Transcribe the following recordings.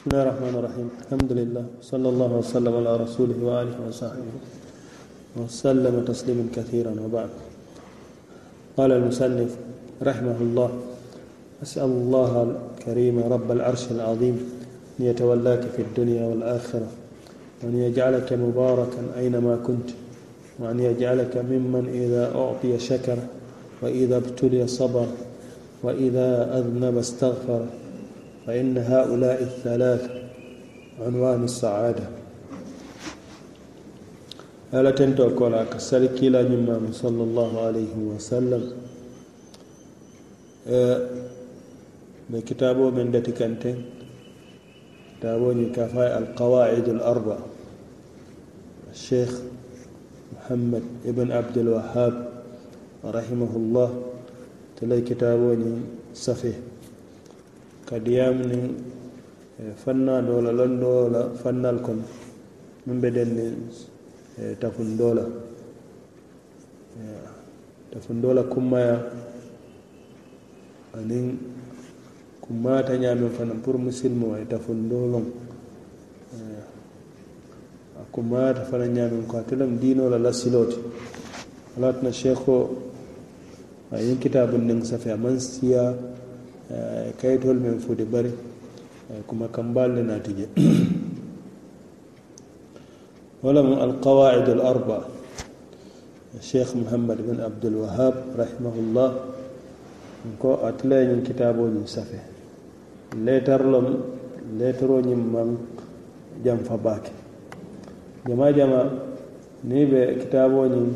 بسم الله الرحمن الرحيم الحمد لله صلى الله وسلم على رسوله وآله وصحبه وسلم تسليما كثيرا وبعد قال المسلف رحمه الله أسأل الله الكريم رب العرش العظيم أن يتولاك في الدنيا والآخرة وأن يجعلك مباركا أينما كنت وأن يجعلك ممن إذا أعطي شكر وإذا ابتلي صبر وإذا أذنب استغفر فإن هؤلاء الثلاث عنوان السعادة ألا تنتو كولا كسلك إلى صلى الله عليه وسلم أه، من كتابه من دتك أنت كتابه كفاء القواعد الأربع الشيخ محمد ابن عبد الوهاب رحمه الله تلي كتابه صفيه Kadiyam ni eh, fanna dola la dola fannal kon mun be denni eh, tafundoo la eh, tafundoo la kummaya aniŋ kuma ta ñaameŋ fanaŋ pour musilimoo ye tafundoo loŋ a ta fana ñaameŋ ko ate dino la lasiloo ti ala tina kitabun a ye kitaabun niŋ safe a kayitol men fode bari kuma kambal le naati je wala mu alqawaid alarba cheikh mohammad bin abdulwahab rahimahullah ko atlañin kitaboñin safe letarlom letaroñin man jam fa baake jama jama ni ɓe kitaboñin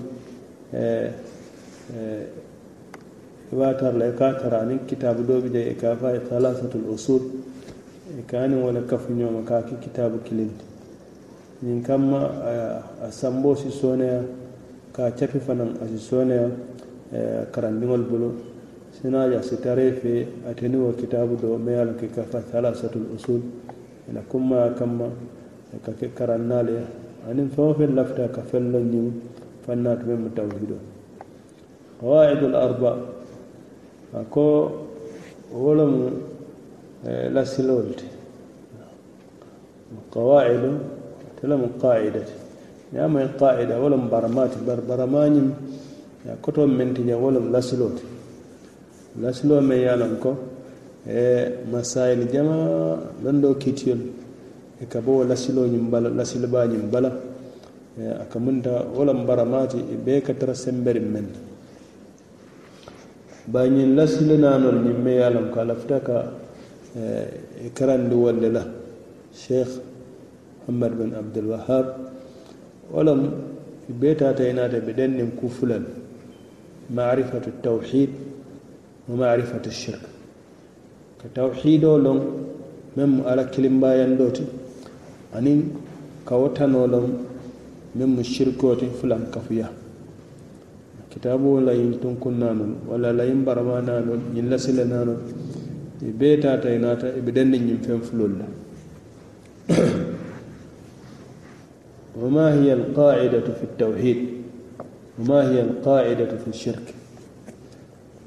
eh, eh, iba tarla ka tara aniŋ kitabu doo bi je i ka fa salasatul usul i ka aniŋ wo le kafuñoma ka ke kitabu kilinti ñiŋ kamma a samboo si sooneya ka cafi capi a si sooneya karandiŋolu bulu sina je a si tara i fe ateni wo kitabu doo me ye a ka i ka fa salasatul usul ina kuma kamma ka ke karannaale ye aniŋ feŋ wo feŋ lafita ka feŋ loŋ ñiŋ fannatu meŋ mu tawhido qawaidul arba ako wolem eh, la silol te qawaidu te lemu qaida te ñamay qaida wolem baramati bar baramañim koto mentiña wolem lasilo te lasilo me ye lon ko e eh, masayil jama londo kiitiyol e ka bo lasiloñim bala lasilbañim bala eh, aka munta wolem baramati e bee ka tara semberin men bañiŋ lasili na ñiŋ meŋ ye a loŋ ko a lafita ka eh, karandi wolle la sheikh muhammad bin abdulwahab walam beta ta taata da bidan bideŋ niŋ kufulal marifatu tawhid wa marifatu shirk ka tawhidoo lon meŋ mu ala bayan doti anin ka wata nolon loŋ mu shirkoo ti fulaŋ kafuyaa kitabu la yin tun kunna non wala la yin barma na non yin la sila na non e be ta ta ina ta e bidan nin yin fen fulul la وما هي القاعدة في التوحيد وما هي القاعدة في الشرك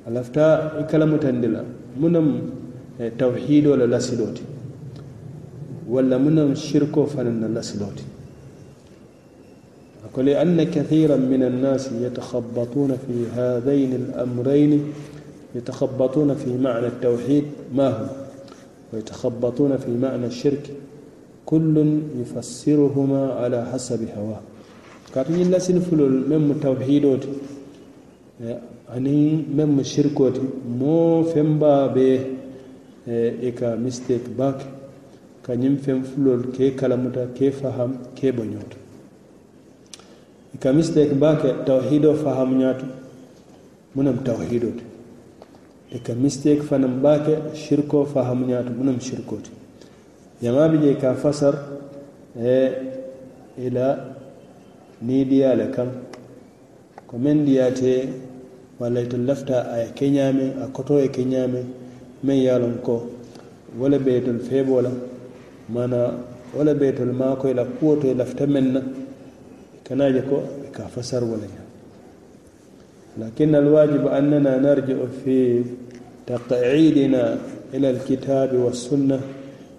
الافتاء كلمة تندلا منم توحيد ولا لسلوتي ولا منم شرك فنن لسلوتي ولأن كثيرا من الناس يتخبطون في هذين الأمرين يتخبطون في معنى التوحيد ما هو ويتخبطون في معنى الشرك كل يفسرهما على حسب هواه كاتي لا سنفلول من توحيدوت أني مم شركوت مو فمبا به إيكا ميستيك باك كنيم فلول كي كلامتا كي فهم كي بنيوت ika mistake bake tawhido faham ñaato munam tawhidote ika mistake fanam bake shirko faham ñaato munam shirkote yamaɓe je ka fasar e ila ni diyale kam ko men diyate walla to lafta aya keñame a koto e keñame min yalon ko wala ɓeytol feebola mana wala ɓeytol makoye la kuwoto e lafta men na كنا جكو كافسر وليا لكن الواجب أننا نرجع في تقعيدنا إلى الكتاب والسنة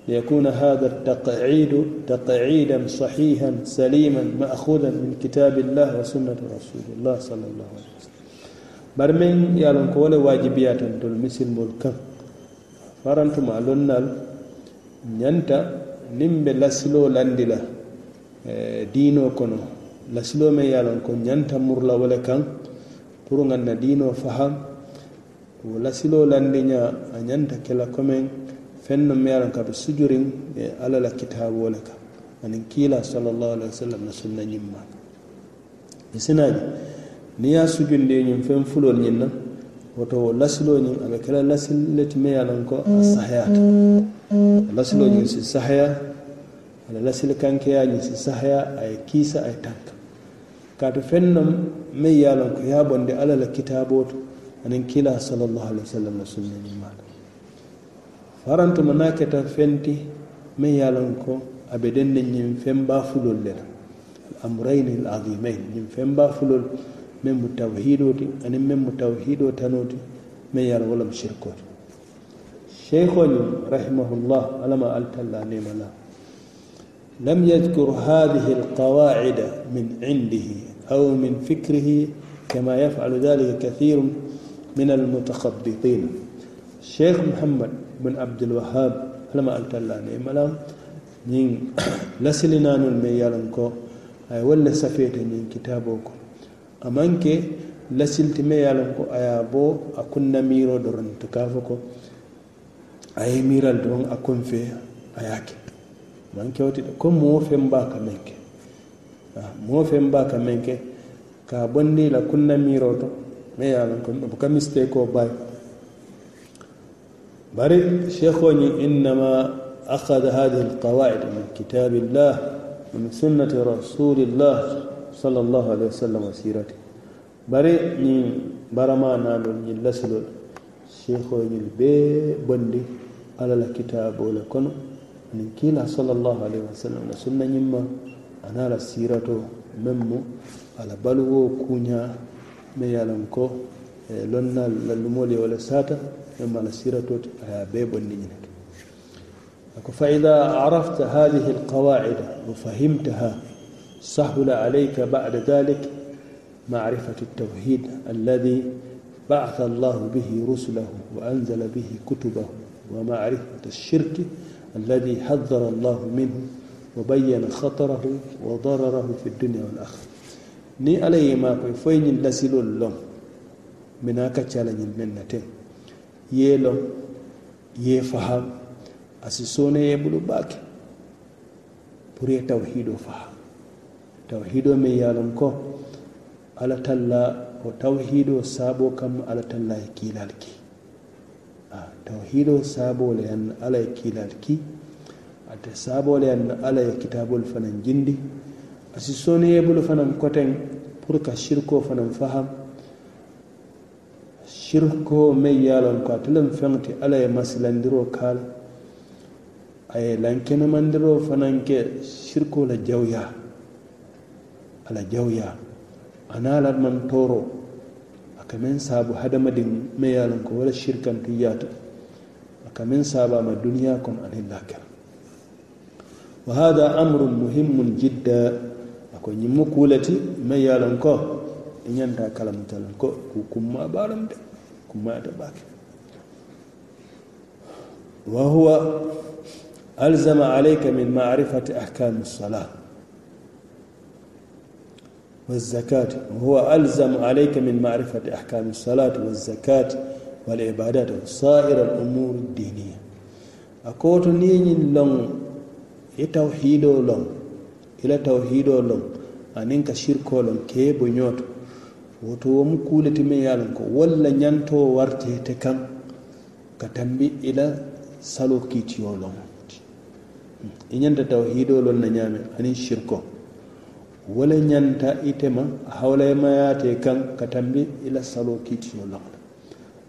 ليكون هذا التقعيد تقعيدا صحيحا سليما مأخوذا من كتاب الله وسنة رسول الله صلى الله عليه وسلم برمين يالون كولا واجبيات دول مثل ملكا فرانتما لنال ñanta niŋ be lasiloo landi la diinoo la siloo meŋ ko nyanta murla wala kan pour ŋa na dino faham wo la siloo nya a nyanta kala kome, komeŋ feŋ no meŋ sujurin, a loŋ e ala la kitab wala ka aniŋ kila sallallahu alaihi wa sallam sunna nimma maŋ i ni ya sujun de nyum fen feŋ nyin na woto wo silo ni a be ke la sil le me meŋ a ko a la silo ni si sahaya a la lasili kankeyaa ñiŋ si sahaya a ye kisa a ye tanka kaatu feŋ no meŋ ye a loŋ ko ye a bondi alla la kitaaboo to aniŋ kila salallahu alaihi wa sallam la sunna ñimaa to farantuma naŋ keta feŋ ti meŋ ye a loŋ ko a be deŋ ne ñiŋ feŋ baa fulolu le la amurayni l adimain ñiŋ feŋ baa fulolu meŋ mu tawhidoo ti aniŋ meŋ mu tawhidoo tanoo ti meŋ ye a loŋ wo lemu sirikoo ti شيخ رحمه الله علما التلا نيمنا لم يذكر هذه القواعد من عنده أو من فكره كما يفعل ذلك كثير من المتخبطين الشيخ محمد بن عبد الوهاب لما قلت الله نعم نين لسلنا نلميالنكو أي ولا سفيت نين كتابوكو أمانك لسلت aya bo a kunna miro doron to ka fo ko a ye miral don a kun fe a yake man kewtiɗo moo feŋ baa ka meŋ ke ka bondi la kunna miiroo to me ye a loŋ ko buka mistekoo baayi bari sheekoo ñiŋ innama akhada hadihi alqawaid min kitabillah ومن سنة رسول الله صلى الله عليه وسلم وسيرته بري ني برما نالو ني لسلو شيخو ني بي بندي على الكتاب ولا كن من كيلا صلى الله عليه وسلم سنة نيما ana ala sirato meŋ mu ala baluwo kuña me ye loŋ ko lonna lallumolu ye wo le sata meŋ ala sirato ti a ye a bee bondi ñine to faida arafta hadihi alqawaida wa fahimtaha سهل عليك بعد ذلك معرفة التوحيد الذي بعث الله به رسله وأنزل به كتبه ومعرفة الشرك الذي حذر الله منه وبين خطره وضرره في الدنيا والاخره ni ala yema koy foy ñin lasilol lom mina kaccala ñin men na ten ye lom ye faham asi soneye bulu baake pour ye tawhido faham tawhido men yalon ko ala talla o tawhido saabo kam ala talla kiilal ki tawhido saabo le yan ala kiilal ki a ta sabo ala yadda ala ya jindi asi soniye bulu fanaŋ koteŋ pour ka sirko fanaŋ faham sirko meŋ ye a loŋ ko ate lemu feŋo ala ya masu landiro kala a ye mandiro fanan ke shirko la jauya a la jauya a na maŋ toro a ka sabu hadamadin mai yalon ye a loŋ ko a ka meŋ a ma duniyaa kono aniŋ wa hadha amrun muhimmun jidda ako ñimmu kuulati man ye lon ko i ñanta kalamutalon ko ku kumma balam de kummayata baake wa huwa alzama alayka min marifati ahkami الصلاه والزكاة وهو ألزم عليك من معرفة أحكام الصلاة والزكاة والعبادات وسائر الأمور الدينية أكوت نين لون i tawhido loŋ i la tawhido loŋ aniŋ ka shirko loŋ ke ye boñoo to woto wo mu kuu le ti meŋ ye a loŋ ko walla ñantoo warta ite kaŋ ka tambi i la saloo kiitiyoo loŋ i ñanta tawhidoo loŋ na ñaame aniŋ siriko wo le ñanta itema hawlayimayaate kaŋ ka tambi i la saloo kiitiyoo loŋ la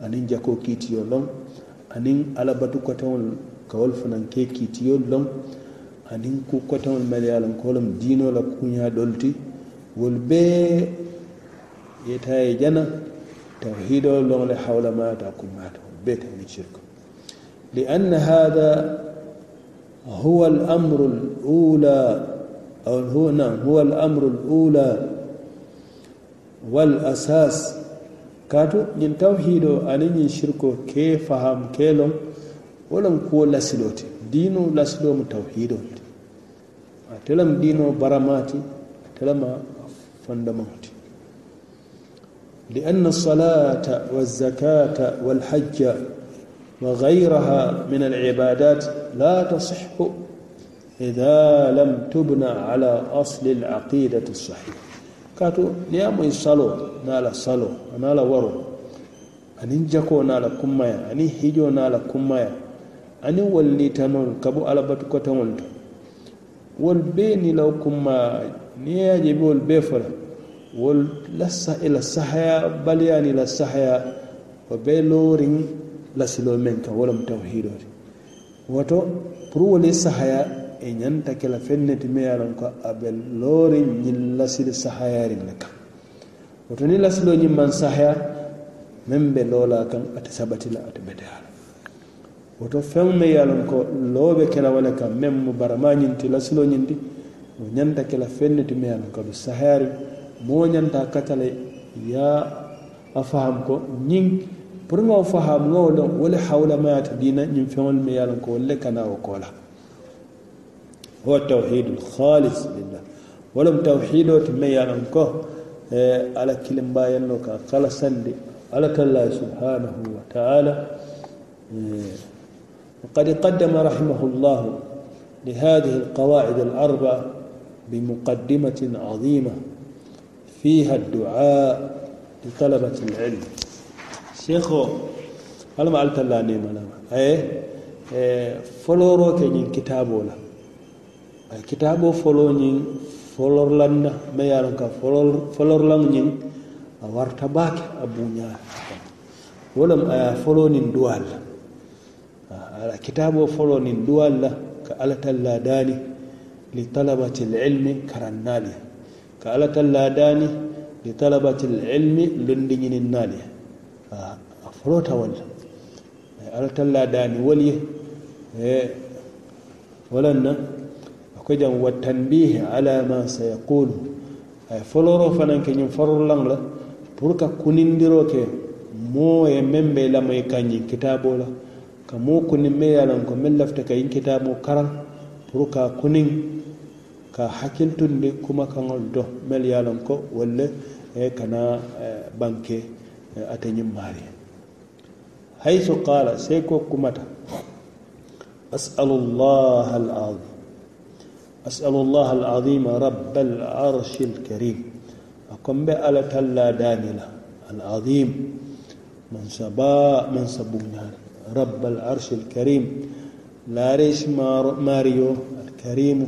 aniŋ jakoo kiitiyoo loŋ aniŋ alabatukataŋol ka wolu fanaŋ ke kiitiyolu loŋ aniŋ kukkoteŋolu melu ye a loŋ ko wo lemu diinoo la kuuñaa dolu ti wolu bee ye taa ye jana tawhidoo loŋ le hawlamaata a kummaata wolu bee kaŋ ni sirko lianna hada huwa alamru lula أو هو نعم هو الأمر الأولى والأساس كاتو ñiŋ tawhiidoo aniŋ ñiŋ sirikoo kee faham kee loŋ wo loŋ kuwo lasiloo ti diinoo lasiloo mu tawhiidoo le telam diino baramati telama fandamati لأن الصلاة والزكاة والحج وغيرها من العبادات لا تصح إذا لم تبنى على أصل العقيدة الصحيحة كاتو نيامو يصلو نالا صلو نالا ورو أني جاكو نالا كمايا أني هيجو نالا كمايا أني ولي تنون كبو ألا ألبتو كتنون wol bee nilaw kumma niŋ ye a je be bee fo la wolu la sa i la sahaya baliya niŋ la sahaya wo be looriŋ lasiloo meŋ kaŋ wo lemu tawhidoo ti woto pour wolu ye sahaya i ñanta ke la feŋ ne ti meŋ ye a loŋ ko a be looriŋ ñiŋ lasili sahayariŋ le kaŋ woto niŋ lasiloo ñiŋ maŋ sahaya meŋ be loo la a kaŋ ate sabati la ate beteya la woto feŋ me ye a loŋ ko loo be ke la wo le kaŋ meŋ mu baramaa ñinti lasiloo ñinti wo ñanta ke la feŋ ne ti meŋ ye a loŋ kadu sahaari moo ñanta a kata le ye a faham ko ñiŋ pour ŋa wo faham ŋa wo loŋ wo le hawulamayaata diina ñiŋ feŋolu me ye a loŋ ko wolu le kana wo koo la هو التوحيد الخالص لله ولم توحيده تمي على انكه على كلمة باين لك خلصا على الله سبحانه وتعالى وقد قدم رحمه الله لهذه القواعد الأربع بمقدمة عظيمة فيها الدعاء لطلبة العلم شيخو هل نعم إيه؟ إيه، إيه، ما قلت الله نيم أنا إيه فلورو كين كتابه لا كتابه فلونين folor lanna ما ye lon فلور folor نين lan أبو a ولم baake a ala kitabo folo nin duwal la ka ala talla dani li talabati ilmi karannali ka ala talla li talabati ilmi lundi nali a folota walla ala talla dani wol ye walan na ako jam wa ala ma sayaqulu fanan ka moo kunin me ye lon ko meŋ lafita ka yin kitaaboo karaŋ pour ka kunin ka hakkiltundi kumakaŋol do mel ye lon ko walla kana banke ate ñiŋ maari haythu qala sey ko kumata asalu llaha alazim asalu llaha alazima rabba alarshi alkarim akombe ala talla danila la alazim man saba man sabuñaari رب العرش الكريم لاريش ماريو الكريم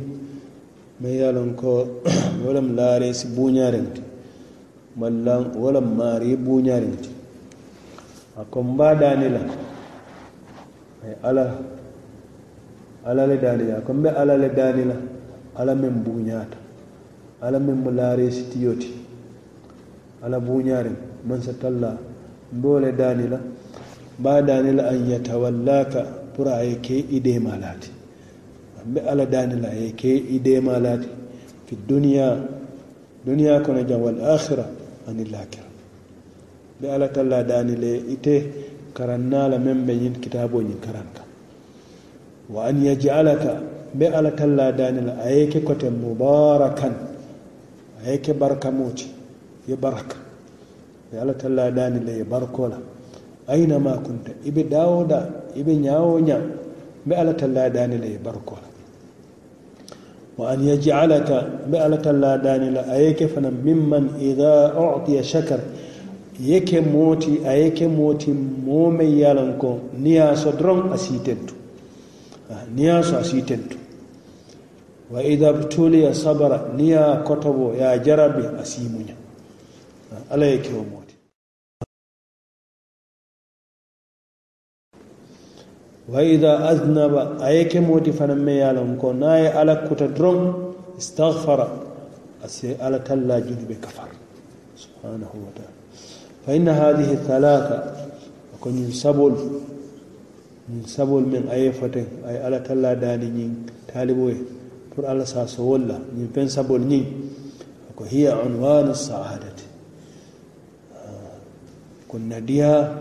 ما يالنكو ولم لاريس بونيارنت ملان ولم ماري بونيارنت أكم باداني لك أي ألا ألا لداني أكم بألا لداني لك ألا من بونيات ألا من ملاريس تيوتي ألا بونيارن من ستالله mbole داني la badanila an yatawallaka pour a ye ke i demalati an be ala danila a ye ke i demalati fi duniya duniya kono jam wal akhira ani lakira be ala talla danile ite karannala men be ñin kitabo ñin karan kam wa an yaj'alaka be ala talla danila a ye ke kote mubarakan a ye ke barkamoti ye baraka be ala talla danile ye barkola aina ma kunta ibe dawo da ibe ñawo nya mbe ala talla dani la barko wa an yajcalaka mbe ala talla dani la a yake fana mimman ida utiya shakar yeke moti, a yake moti mo yalan ko ni ya so doron a siitentu ah, ni ya so a wa ida btuliya sabara ni ya kotobo ya jarabi a ah, ala yeke wa mooti وإذا أذنب أيك موتي فنم يالهم كوناي على كتدرم استغفر أسي على تلا جنب كفر سبحانه وتعالى فإن هذه الثلاثة وكن ينسبل ينسبل من أي فتن أي على تلا داني نين تالبوه تر على ساسو الله نين فنسبل نين هي عنوان السعادة آه، كن نديها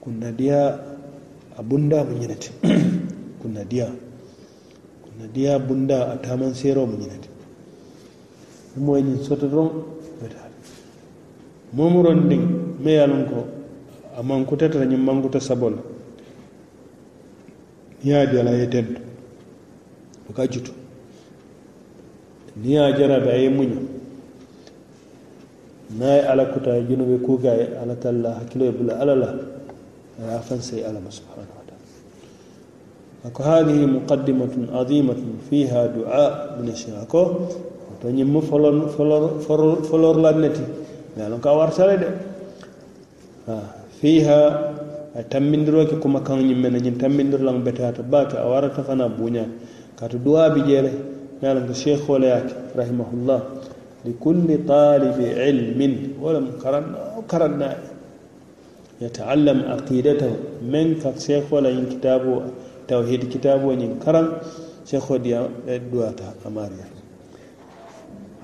كن نديها a bunda mu ñinati kunna diya kunna diya bunda a taman seero mu ñinati moy ñin soto ron wetaade momoron ndin me yalon ko a mankutata ñin mankuta sabol ni ye jala ye teddo o ka jutu ni ye jarabe a ye muña naye ala kuta junube kuuka ye ala talla hakkilo e bula ala la عفوا سيألم سبحانه ako haadihi muqaddimatun adimatun fiha dua mine cheikh ako to ñimmo folon folor folor folor lanneti mi nah, alon ka wartale de ah, fiha a tammindiroke kuma kan ñimmene ñin tammindirlan betata baake a warata fana ka kato duwa bi jeele mi nah, alon ko cheikh oleyake rahimahullah li kulli talibi ilmin walam karanna karannae يتعلم عقيدته من كشيخ ولا ين كتابه توحيد كتابه ين كرم شيخ ديا دواتا أماريا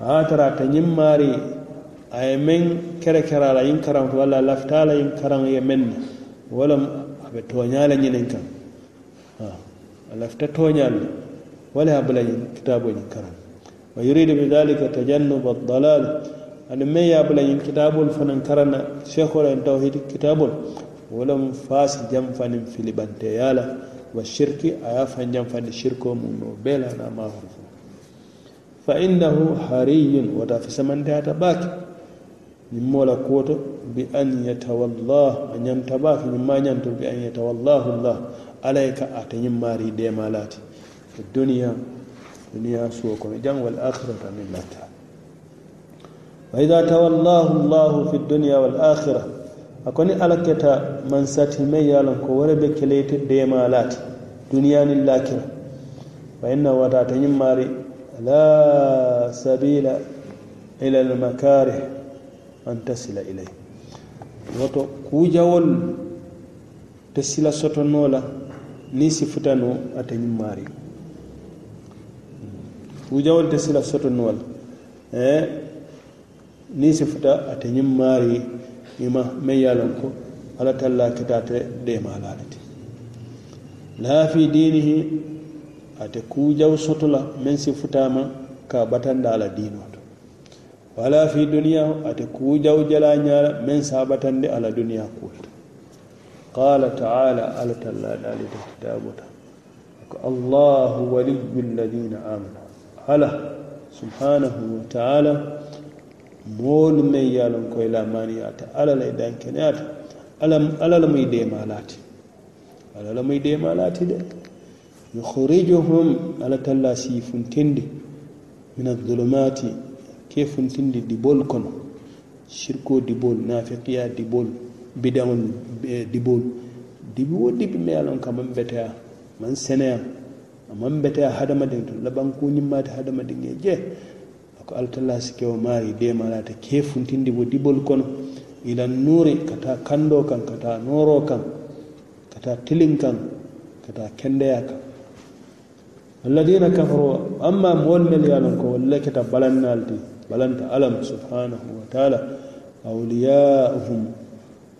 هاترا تنيم ماري أي من كره كره لا ين كرم ولا لفتا لا ين كرم يمن آه، ولا بتوانيا لا ين كرم لفتا توانيا ولا بلا كتابه ين كرم ويريد بذلك تجنب الضلال ani meŋ ye a bula ñiŋ kitaabolu fanaŋ karana shekhol en tawhid kitaabol wo lemu faasi janfaniŋ filibanteya la wa shirki a ye a faŋ janfandi shirko muŋ no bee la na maafuru fo fa innahu hariyun wota fi samanteyata baake ñiŋ moo la kuwoto bi an yatawallah a ñanta baake ñiŋ maa ñanto bi an yatawallahu llah ala ye ka ate ñiŋ maari deemalaati duniya duniya suwo kono jaŋ wal akhirata min lataa فإذا تولاه الله في الدنيا والآخرة أكوني على كتا من ساتي ميالا كوري بكليت ديمالات دنيا للآخرة فإن وضع تنماري لا سبيل إلى المكاره أن تصل إليه وطو كوجاول تسلا سوتو نولا ni sifuta no ata ñim maari wujawol te sila soto nool eh ni sifuta ate ñiŋ maari ima meŋ ye a loŋ ko alla talla kita ate deemaala le ti laafi diinihi ate kuujawu soto la meŋ sifutaama ka a batanda a la diinoo to wala fi duniyaa ate kuujawu jalaañaa la meŋ se a batandi a la duniyaa kuwo to qala taala alla talla daali ta kitaabo ta ko allahu waliyu lladina amanu ala subhanahu wa taala moolu meŋ ye a loŋ ko i la maaniyaata alla la i dankeneyaata alla la muy deemaalaati alla la muy deemaalaati de yukhrijuhum alla talla si funtindi min adulumaati ke funtindi diboolu kono sirkoo diboolu naafiqiya diboolu bidaŋol diboolu dibi wo dibi meŋ ye a loŋ ka maŋ beteya maŋ seneya a maŋ beteya hadamadiŋ to labankuñimmaati hadamadiŋ ye jee ko altalla sikewo maari demalata ke funtindi bo dibol kono ilan ka kata kando kan kata nooro kan kata tilin kan kata kendeya kan alladina kafaro. amma moolu mel ye ko walla keta balannal ti balanta alam subhanahu wa taala awliyauhum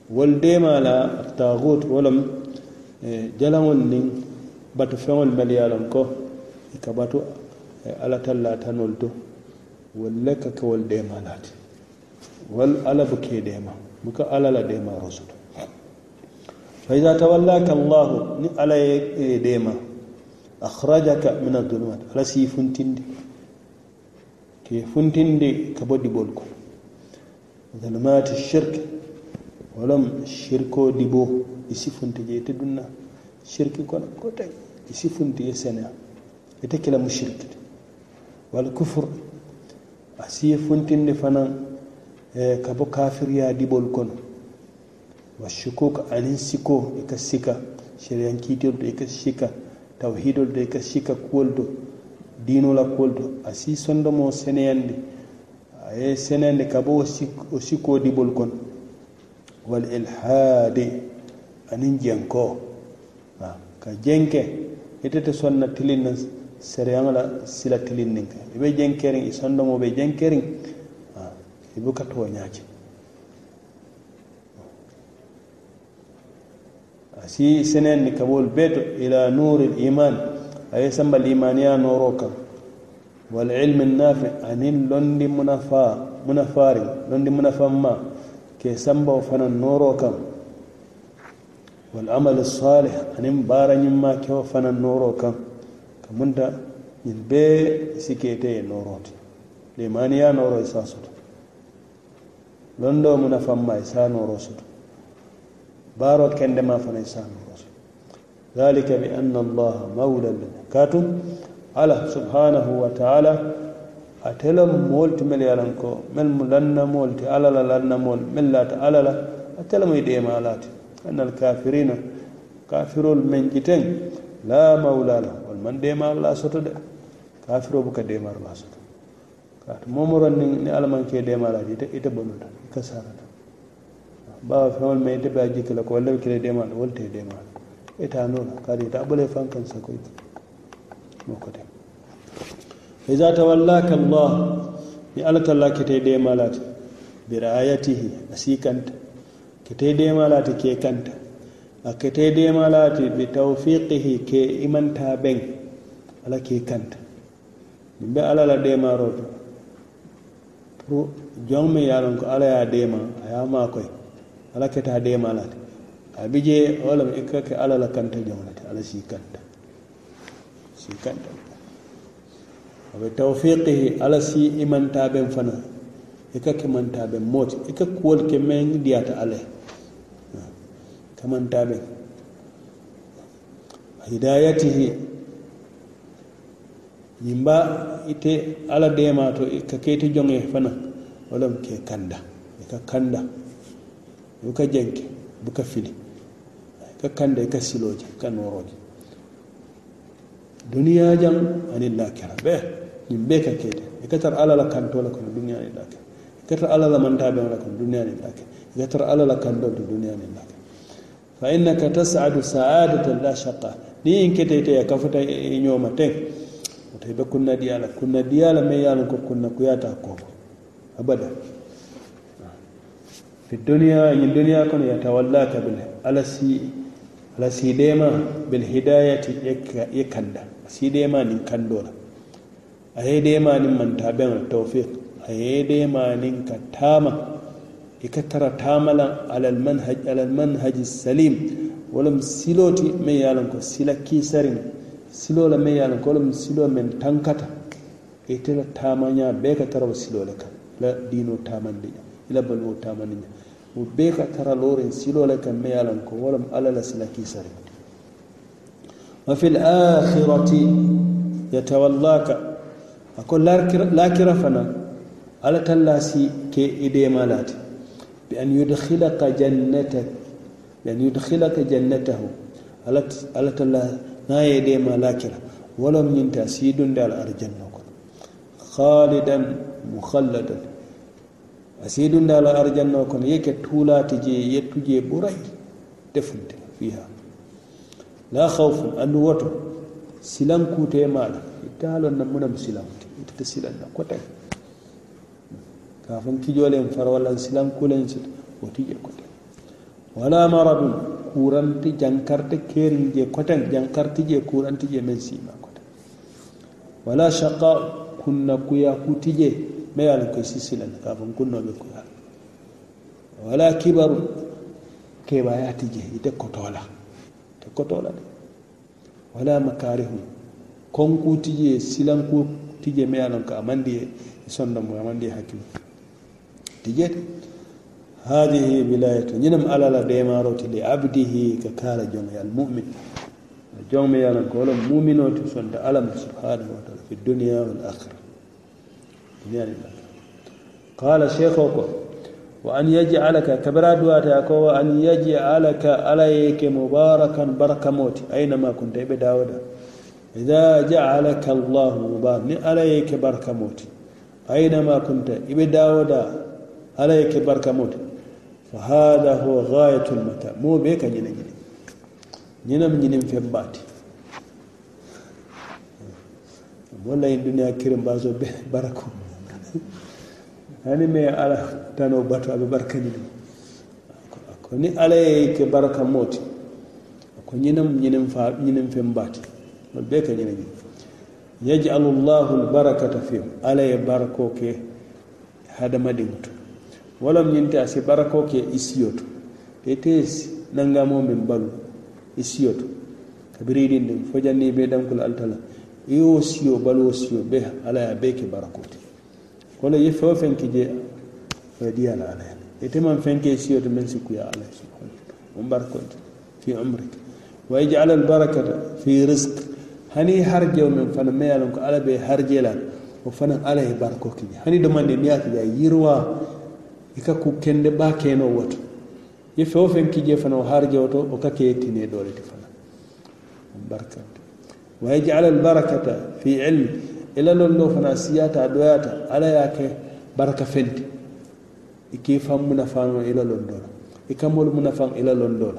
wol demala tagut wolam e, jalaŋol niŋ batu feŋol mel ye lon ko i e ka batu Ta e, talla tanol to wallaka ka wal demanat wal alabu ke dema muka alala dema rasul fa idza tawallaka allah ni ala dema akhrajaka min adh-dhulumat ala si funtinde ke funtinde ka bodi bolko dhulumat ash-shirk walam shirko dibo isi je ta dunna shirki kono kotek isi funti e sene ete kila mushrikite wal kufur. a siye funtinde fanaŋ eh, ka bo kafiriya dibol kono wa shukuk aniŋ siko i ka sika sariyankiitolu to i ka sika tawhidol to i ka sika kuwolu to diino la kuwolu to a si sondomoo seneyandi a ye ka bo wo sikoo dibol kono wal ilhadi aniŋ jenko ah, ka jenke itete sonna tilinna sereyama la sila tilinnin kan i be jeŋ keriŋ i sondomo be jeŋ keriŋ i buka tuwo ñaake asi senen ni kabol beto ila nuri liman aye samba limaniya noro kan walilmi nafi anin londi munafa munafariŋ londi munafan ma ke sambawo fanaŋ noro kan walamal salih anin baarañimma kewo fanaŋ noro kan kamunda ñiŋ bee isi keete ye nooroo ti limaniya nooro isa soto londoo mu nafanma isa nooroo soto baaroo kendema fana isa nooroo soto ذلك بأن الله مولى الذين كاتم على سبحانه وتعالى أتلم مولت مل يلنكو مل ملنا مولت على لنا مول مل لا تعالى أتلم يديم على أن الكافرين كافرون من جتن لا مولى لهم alman demal la soto de kafiro buka demar la soto kaatu momoron ni ni ke alamanke demalaji ite ite bonnuta ita sarata bawa fewol ma ite ɓe a jikki la ko walla ɓe kile demal wolte demal ita nola kaadi ita aɓole fankan sakoy mo kote fa ida tawallaka allah ni ala talla kete demalate bi rayatihi a sikanta kete demalate ke kanta a kete demalati bi tawfiqihi ke imanta ben ala ke kanta min be ala la demaro to pro jom me yaron ko ala ya dema aya ma koy ala keta demalati abije wala mi kake ala la kanta jomlati ala si kanta si kanta abe tawfiqihi ala si imanta ben fana ikake manta ben moti ikake kuwol ke men diata ala kamantaɓen hidayatihi ñiŋ mba ite ala deema to ka keeti joŋe fana wala lemu ke kanda ka kanda buka jenke buka fili ka kanda i ka siloo je ka nooroo je duniyaa jaŋ aniŋ laakira bee ñiŋ ka keete i ka tara ala la kantoo le la duniyaa niŋ laakira i ka tara ala la mantaabeŋo le kono duniyaa niŋ laakira i ka tara ala la kandoo to duniyaa niŋ fa innaka tas'adu sa'adatan la shaqqa ni in kete te kafuta e nyoma ten to be kunna diyala kunna diyala me yala ko kunna ta ko abada fi dunya yin dunya kono ka bil alasi da ma bil hidayati e kanda sidema nin kandola a ma nin manta ben tawfiq a hedema nin katama ikattara tamalan alal manhaj alal manhaji salim walam siloti min yalan ko sila kisarin silola min yalan ko wolem silo min tankata itela tamanya bee ka tara wo silole kan la dino tamandiña ila baluwo tamandiña wo bee ka tara lorin silola kan min yalan ko walam alala sila kisarin wa fi lakhirati yatawallaka ako lakira fana alla tallasi ke idema lati بأن يدخلك جنتك بأن يدخلك جنته على الله نا يدي ملاكرة ولم ينتهى سيد دال أرجنة خالدا مخلدا سيد دال أرجنة كن يك تولا تجي يتجي بري تفنت فيها لا خوف أن وتر سلام كوتي مالا تعالوا نمنا بسلام تتسلام كوتي Kafin fon kijolen farwalan silan kulen sit woti tije koten wala maradun jankar ta kerin je koten jankarti je kuranti je men ma koten wala shaqa kunna kuya tije, me yalan ko sisilan ka kafin kunno be kuya wala kibaru kebayati tije ite kotola te kotola de wala kon ku tije ku tije me yalan ko amandi e, e mo amandi e hakkimu tijet hadihi bilayatu ñinam alala demaroti li abdihi ka jom yal mumin jom yal ko mu'mino muminoti sonta alama subhanahu wa taala fi dunya wal akhira duniyani qala sheikh ko wa an yaj'alaka kabara duwata ko wa an yaj'alaka alayka mubarakan barakamoti aina ma kunta ibe dawada idha ja'alaka allah mubarakan alayka barakamoti aina ma kunta ibe dawada ala yake barka fa hadha huwa ghayatul mata mo be ka nyina nyina nyina nyina mfembati wala in dunya kirim bazo be barako ani me ala tano bato abe barka nyina ko ni ala yake barka moto ko nyina nyina mfa nyina mfembati be ka nyina nyina yaj'alu Allahu al-barakata alay ala yabarkoke hadamadin mutum wolom ñinte asi barako ke i siyoto ite nangamo min balu i siyoto din ɗin fo janni be dankula altala iyo siyo baluwo siyo be ya be ke barakote kono ye fen ki je oye diyala alaya ite man ke siyoto min sikkuya alaya subhanahu on barakonte fi umrik wa yajala barakata, fi risk. hani harjewo min fana meyalon ko ala har harjelal o fana alaye barako kije hani domande ndiyaki ja yirwa ika ku kende ba keno woto ye fewo fen kije fana o harje woto o ka ke tine dole ti fana barka wa yaj'al al barakata fi ilmi ila lon do fana siyata doyata ala yake baraka fenti ike fam munafan ila lon do ika mol munafan ila lon do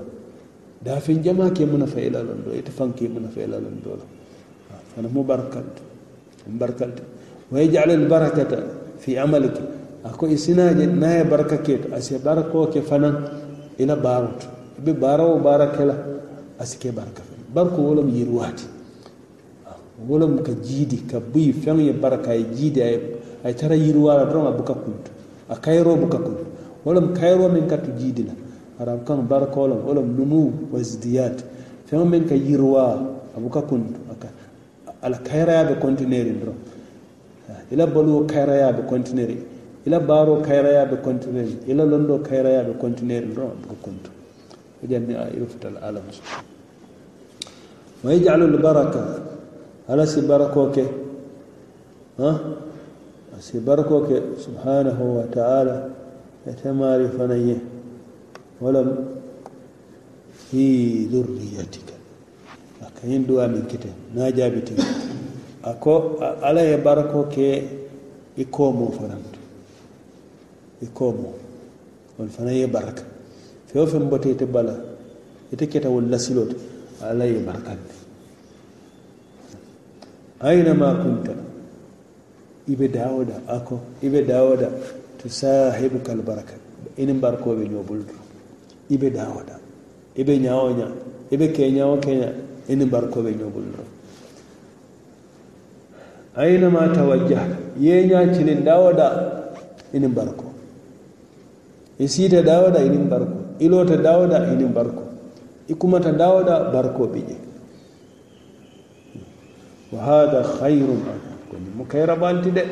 da fin jama ke munafa ila lon do ita fan ke munafa ila lon do fana mu barakatu barakatu wa yaj'al al barakata fi amalika ako i na ya barka a sai barko ke fanan ina barot bi barawo bara a su ke barka fe barko wolom ti wulam ka jidi ka buyi feŋ ye barka ye jiidi a tara yirwala doron a buka kuntu a kairo buka kuntu wulam kairo min katu jiidi la a kaŋ barko wulam wulam numu wasdiyat feŋ min ka yirwa a buka kuntu ala ya be kontineeri doron ila kaira ya be kontineeri ila baaro kayrayaaɓe continuel ila lonɗo kayrayaaɓe continuel ɗon ko kontu o janni a iftal alam wa yjalu lbaraka ala si barakoke si barakoke subhanahu wa taala e temari fanaye walam fi dhurriyatika aka hin duwamin kite na jaabitin ako ala e barakoke ikkomo e fananta i koomo wolu fana ye baraka feŋ wo feŋ bota ite bala ite keta wolu lasiloo to ala ye barakandi aynama kunta i be dawo da ako i be dawo da tusahibuka albaraka inin barakoo be ñoo bulu ibe i be dawo da i be ñawo ña i be keñawo keña inin barakoo be ñoo bulu to aynama tawajjahta yeña cilin dawo da inin barako e siita dawda inin barko ilota dawda inin barko ikumata dawda barkoɓe ƴe wa hada hayrum akum koni mo kayrabanti de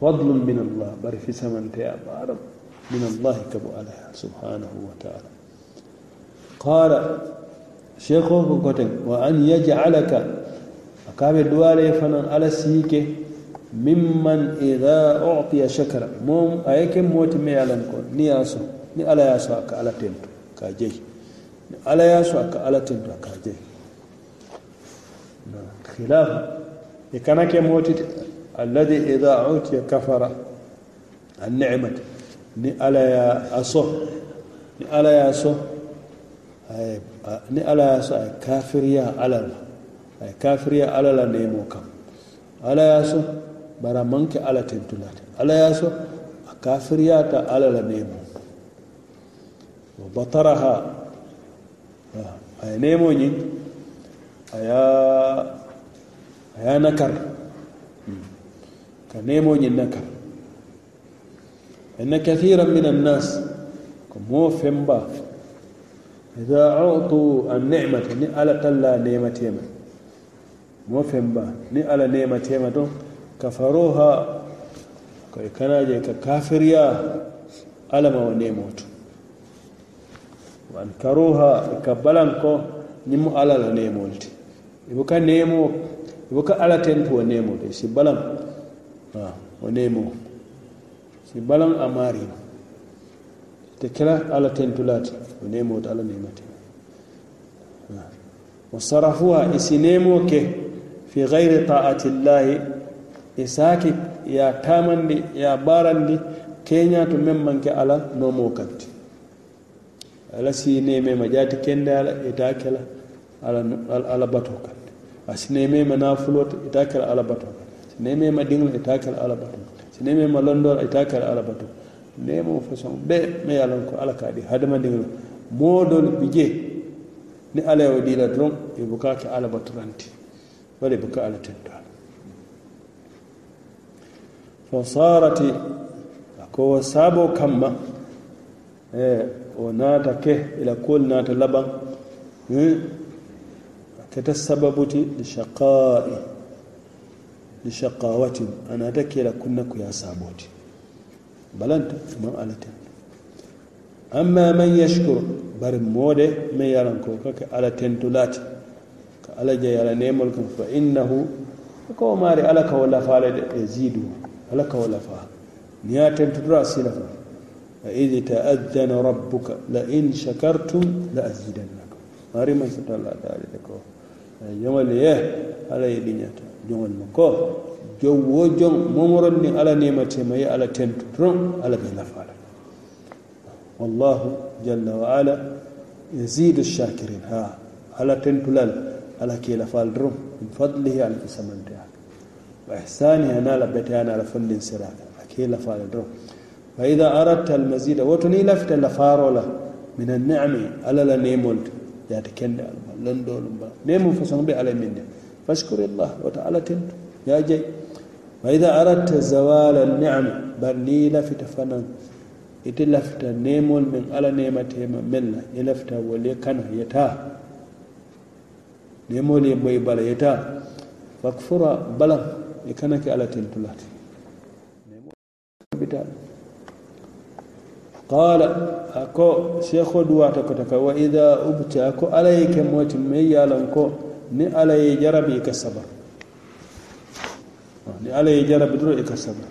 fadlum min allah bari fisamanteya ɓaaram min allahi kabo alaya subhanahu wa taala qala cheikh o ko goten wa an yajalaka akaɓe duwale fanan ala siike mimman idha u'tiya shakara mom ayake moti me alan ko ni yaso ni ala yaso aka ala tento ka je ni ala yaso aka ala tento ka je khilaf e ke moti alladhi idha u'tiya kafara an-ni'mat ni ala ya aso ni ala yaso ni ala yaso ay kafiriya alala ay kafiriya alala ne mo kam ala yaso bara manke ala tentulate ala yaso akafiriyata ala la nemo wa bataraha aya nemo ñin aya aya nakar ka nemo ñin nakar ان كثيرا من الناس كمو فمبا اذا اعطوا النعمه ني على تلا نعمتهم مو فمبا ني على نعمتهم kafaroha koye kanaje ka kafiriya alama e wa nemoto wankaroha e ka balanko ñimmo alala nemolte e ibo ka nemo ibo ka alatento wa nemote si balan o nemo si balan a marima te kela alatentulate o nemote ala nemate o sarafuha isi nemo ke fi gayre taati llahi e saaki tamandi ya barandi ye a baarandi manke ala noomoo kanti ala ne me ma jati kende ala ita kala la ala, ala bato kanti a ne me ma naafuloo ti ita kala ala bato kanti sinee ma diŋo ita kala ala bato ne me ma londoo ita kala ala bato neemoo façon bee me ye ko ala ka a di hadamadiŋo moo bi ni ala ye wo dii la doroŋ buka ke ala baturanti wala buka ala tentoala fasarati ko sabo kamma e eh, o naata ke ila kuol naata laban hmm? ta sababuti lishaqai ana ta ke ila kunna ku ya saboti balanta man alaten amma man yashkur bari moode man yaran ko ka ala tentulati ka ala jeyala nemol kam fa innahu ko maari ala ka walla faale de e ziidu ولك ولفها نيات تدرى سلفا فإذ تأذن ربك لئن شكرتم لأزيدنكم مريم ستا لا ذلك يوم لي على يدينات يوم المكو جو وجو ممرني على نيمة ما على تنتر على بلفا والله جل وعلا يزيد الشاكرين ها على تنتلال على كيلفال درم من فضله على السمندر وإحسان أنا نال أنا لفند سراكا أكيد لفال درو فإذا أردت المزيد وتني لفت لفارو له من النعم على لا نيمولت ياتكند لندو لمبا نيم فسن بي على مني فاشكر الله وتعالى تنت يا جاي فإذا أردت زوال النعم بل لفت فنان ite lafta nemol min ala nematema men la ye lafta wole kana يتا nemol ye boy bala yeta fakfura e ke ala tentulate qala ako sheikho duwata kotaka wa idha ubta ko ala ye ke moti mai yalan ko ni alay jarabi ka sabar ni alay jarabi duro e ka sabar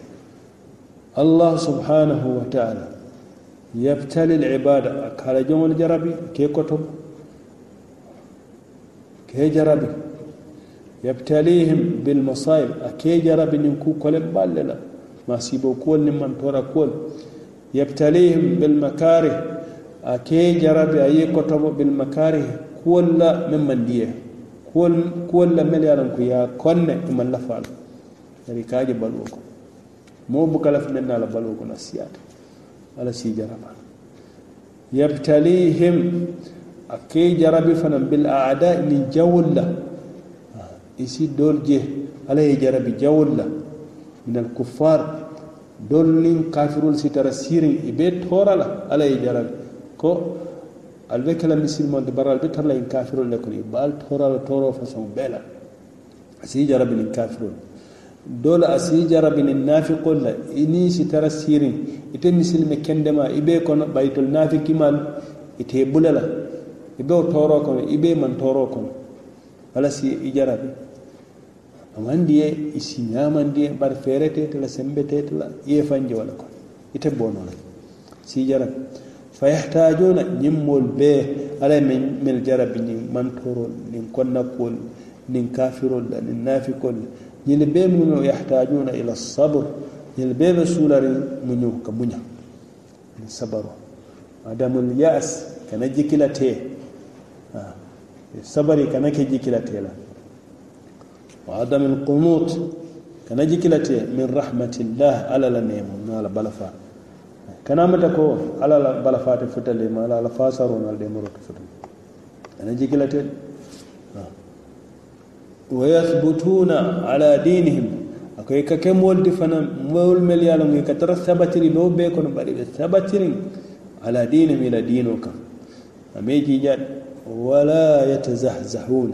allah subhanahu wa taala yabtali ibada akala jomon jarabi ke to ke jarabi yabtalihim bilmasaib akejara binin kukolel masibo masibokol nin mantora kol yabtalihim bilmakarih akejarabe aye kotomo bilmakarih kuwolla men mandiye kuwolla mel yalan ko ya konne iman lafal ari kaje baluwo ko mo bukalaf na la baluwo ko nasiyata ala si jaraba yabtalihim ake jarabi fanan bil aada ni jawolla isi dol je ala ye jarabi jawol la minal kuffar dol nin kafirol sitara sirin i be tora la ala ye jarabi ko al be kela misilmante bara al be tara la in kafirol le kono i baal tora la toro façon bee la asi jarabi nin kafirol dol asi jarabi nin nafiqol la ini sitara sirin ite misilme kendema i be kono baytol nafikimal ite bula la i be o toro kono i be man toro kono ala si i jarabi ama anndi ye isi ñaamandi en ɓar feeretetela sembetetela yeefanje waɗa kon ite bonola si jarab fa yahtajona ñimmol be ala e men mel jarabi nin mantorol nin konnakkol nin kafirol la nin naafikol la ñil be muño yahtajuna ila sabr ñil be ɓe suulari muño ka muña n sabaro madame l yas kana jikilate sabari kanake jikilatela وعدم القنوط كان يجي كلاتي من رحمة الله على لنيم من على بلفا كان أمتكو على بلفا تفتل ما على الفاسر ونال ديمور تفتل كان يجي كلاتي ويثبتون على دينهم أكوي كم ولد فنا مول مليار مي كتر ثبتين لو بيكون بري ثبتين على دينهم إلى دينك أميجي جد ولا يتزحزحون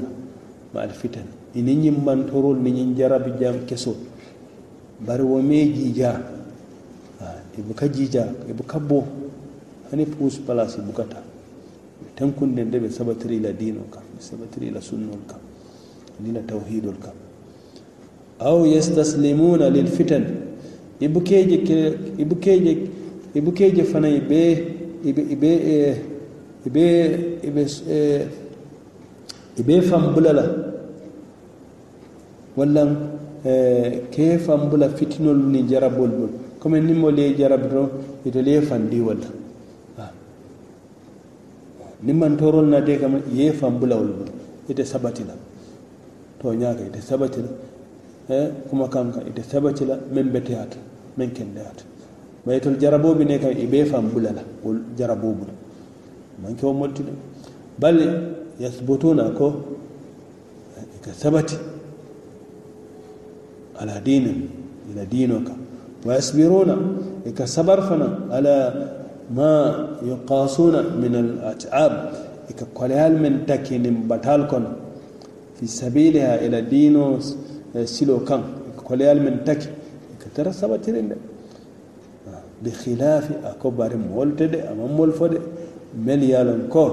مع الفتن ininñin mantorol niñin jarabi jam kesol bari wome jiija ibuka e jiija ibuka e bo hani pus place ibukata ɓe tankunden de ɓe sabatirila dinol kam ɓe sabatirila sunnol kam dina tawhidol kam aw yestaslimuna lilfitan ibukeje e ibukeje ibukeje fanay ɓe ɓɓɓɓɓɓe fambulala Wallan eh, ke bula fitinol ni jarabol bol kome ni mol ye jarabi ito itol ye fandi wala. ni man torol mantorol nate kam ye fambulawol bol ite sabatila toñaka ite sabatila eh, kuma kanka ite sabatila men beteyata men kendeyata mayitol jaraboɓe ne kam ibe la, wol jarabo bula Man o moltide bal yasbutuna ko eh, ka sabati على دينهم إلى دينك ويصبرون إكسبر فنا على ما يقاسون من الأتعاب إكقلال من تكين بطالكم في سبيلها إلى دينو سيلو كان إكقلال من تكين إكتر سبتين بخلاف أكبر مولتد أمام مولفد مليالن كور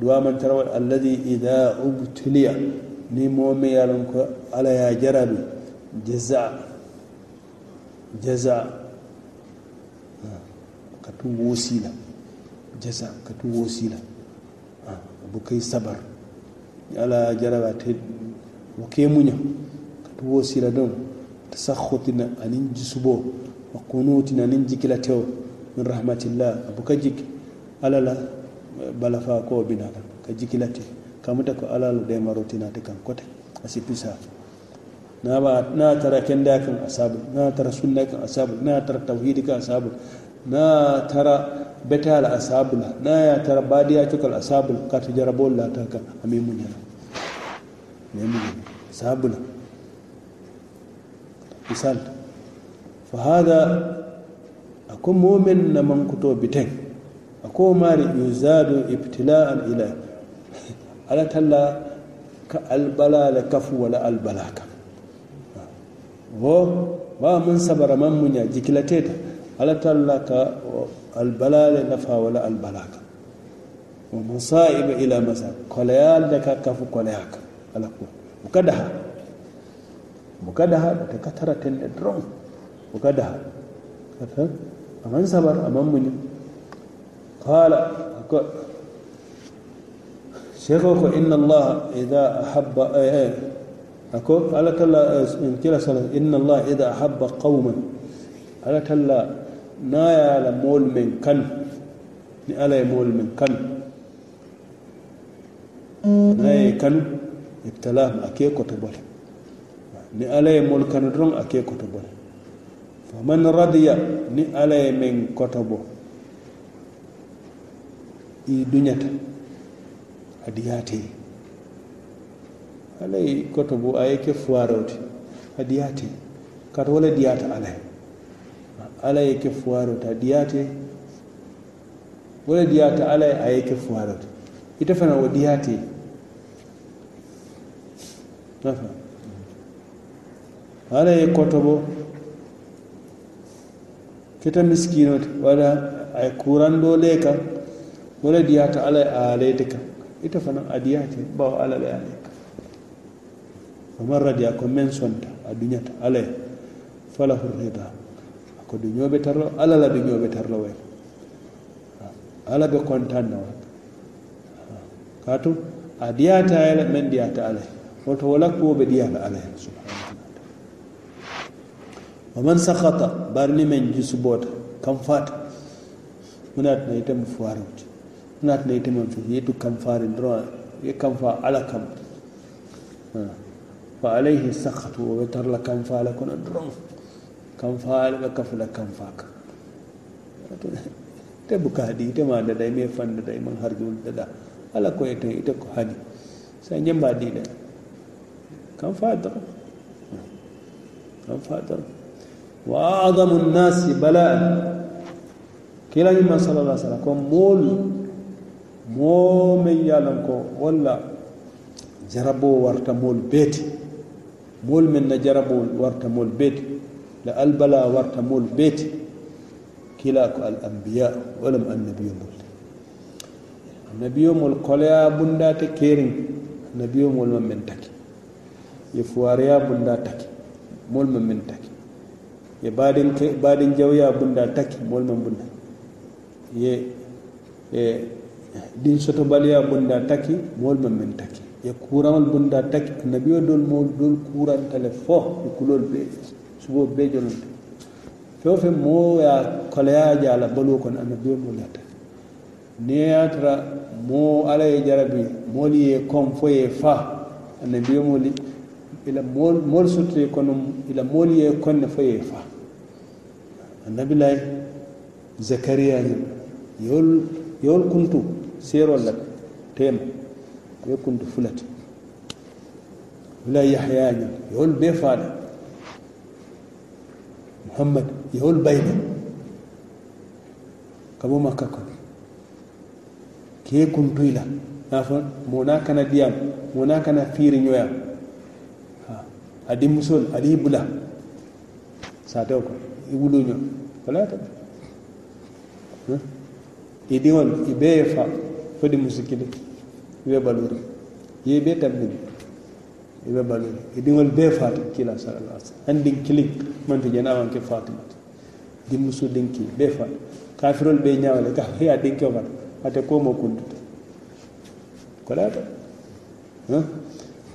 دوا من تروى الذي إذا ابتلي نمومي يالن كور على يا جربي jaza jaza ka wosi la jaza ka tuwo sila kai sabar ala jaraba ta bukai munya ka wosi la don ta sakhotina anin jisubo wa kunutina anin jikila tewo min rahmatillah abu ka jiki ala la eh, balafa ko binaka ka te kamuta ko ala la demarotinate kan kote asi pisa na ba na tara kenda kan asabu na tara sunna kan asabu na tara tauhid kan asabu na tara betal asabul na ya tara badiya cukal asabul ka ta jarabol la ta ka amimun ya yana asabul misal fa hada akum mu'min na man kuto biten ako mari yuzadu ibtila'an ila ala talla ka albala la kafu wala albalaka wo ba mun sabara man jikilate ta ala talla ka albalale nafa wala albalaka wa musaiba ila masa kolayal da ka kafu kolayaka ala ko buka daha buka daha ta katara da drum buka daha kata aman sabar aman muña qala ko shekho ko inna allaha idha ahabba eh, eh أكو على كلا آه، كلا سنة إن الله إذا أحب قوما على كلا نايا على مول من كان على مول من كان نايا كان ابتلاه أكيد كتبول ni ala ye moolu kanu doroŋ a ke koto bo le faman radiya ni ala ye alayi koto bo a ye ke fuwarewti a diyate kata wala diyata ala ye ke fuwarewti a diyate wala diyata ala ye a ke fuwarewti ita fana wa diyate nafa ala ye koto bo keta miskinote wala ay kurando le kan wala diyata ala ye a aleyte kan ita fana a diyate bawo ala le faman radiya ko men sonta a duñata ala ye falahu rida ko duñoo be tarla ala la duñoo be tarla way ala be na wa kaatu a diyata ala men diyata ta ye woto wala kuwo be diya ala ye wa man sakata bari ni men jusuboota kam faata munaatana itemu fuwaarewti munaatana itemu fi yetu kam faari doro ye kam faa ala kam فعليه السخط وبتر لكم فالكن الدرون كم فال بكفل كم فاك تبكى هدي تما داي مي فن داي من هرجول ددا ala ko ite ite ko hadi sai nyamba dida كم فادر كم فادر وأعظم الناس بلاء كلا لما صلى الله عليه وسلم كم مول مو من يالنكو ولا جربوا ورتمول بيتي bol min na jarabu warta mol beti la albala warta mol beti kila ko al ambiya walam annabiyo moolu annabiyo moolu bunda te kering annabiyo mol man min taki ye fuwaariya bunda taki mol man min taki ye baadiŋ baadiŋ bunda taki mol man bunda ye soto baliya bunda taki mol man min taki ye kuramal bunda taki annabi o dol mawdi dol kurantale fo kulol ɓe subo ɓe jolonte fewo fe mooya kalaya jaala baluo kono annabi o moli hata neyatara mo alaye jarabi moli ye kon fo ye fa annabi o moli ila mol sotte kono ila moli ye konne fo ye fa annabi lay zakariya ñim yol yol kuntu seerol la tema yakun da fulat wala yahya ni yawol be faada muhammad yawol bayna kabo makka ko ke kuntoyla nafa mona kana diyam mona kana fiiri ñoyam adi musol adi bula satew ko i wulu ño wala ta i diŋol i bee fa fo di musikili ɓe ɓalori yei ɓe tabɓini ɓe ɓalori e ɗiŋol ɓe fati kila salalla a sallm andin kilin manto janawanke fatimat dimmusu ɗinki ɓe fat kafirol ɓe ñawale ka heya ɗinke fat ate komo kundut ko laata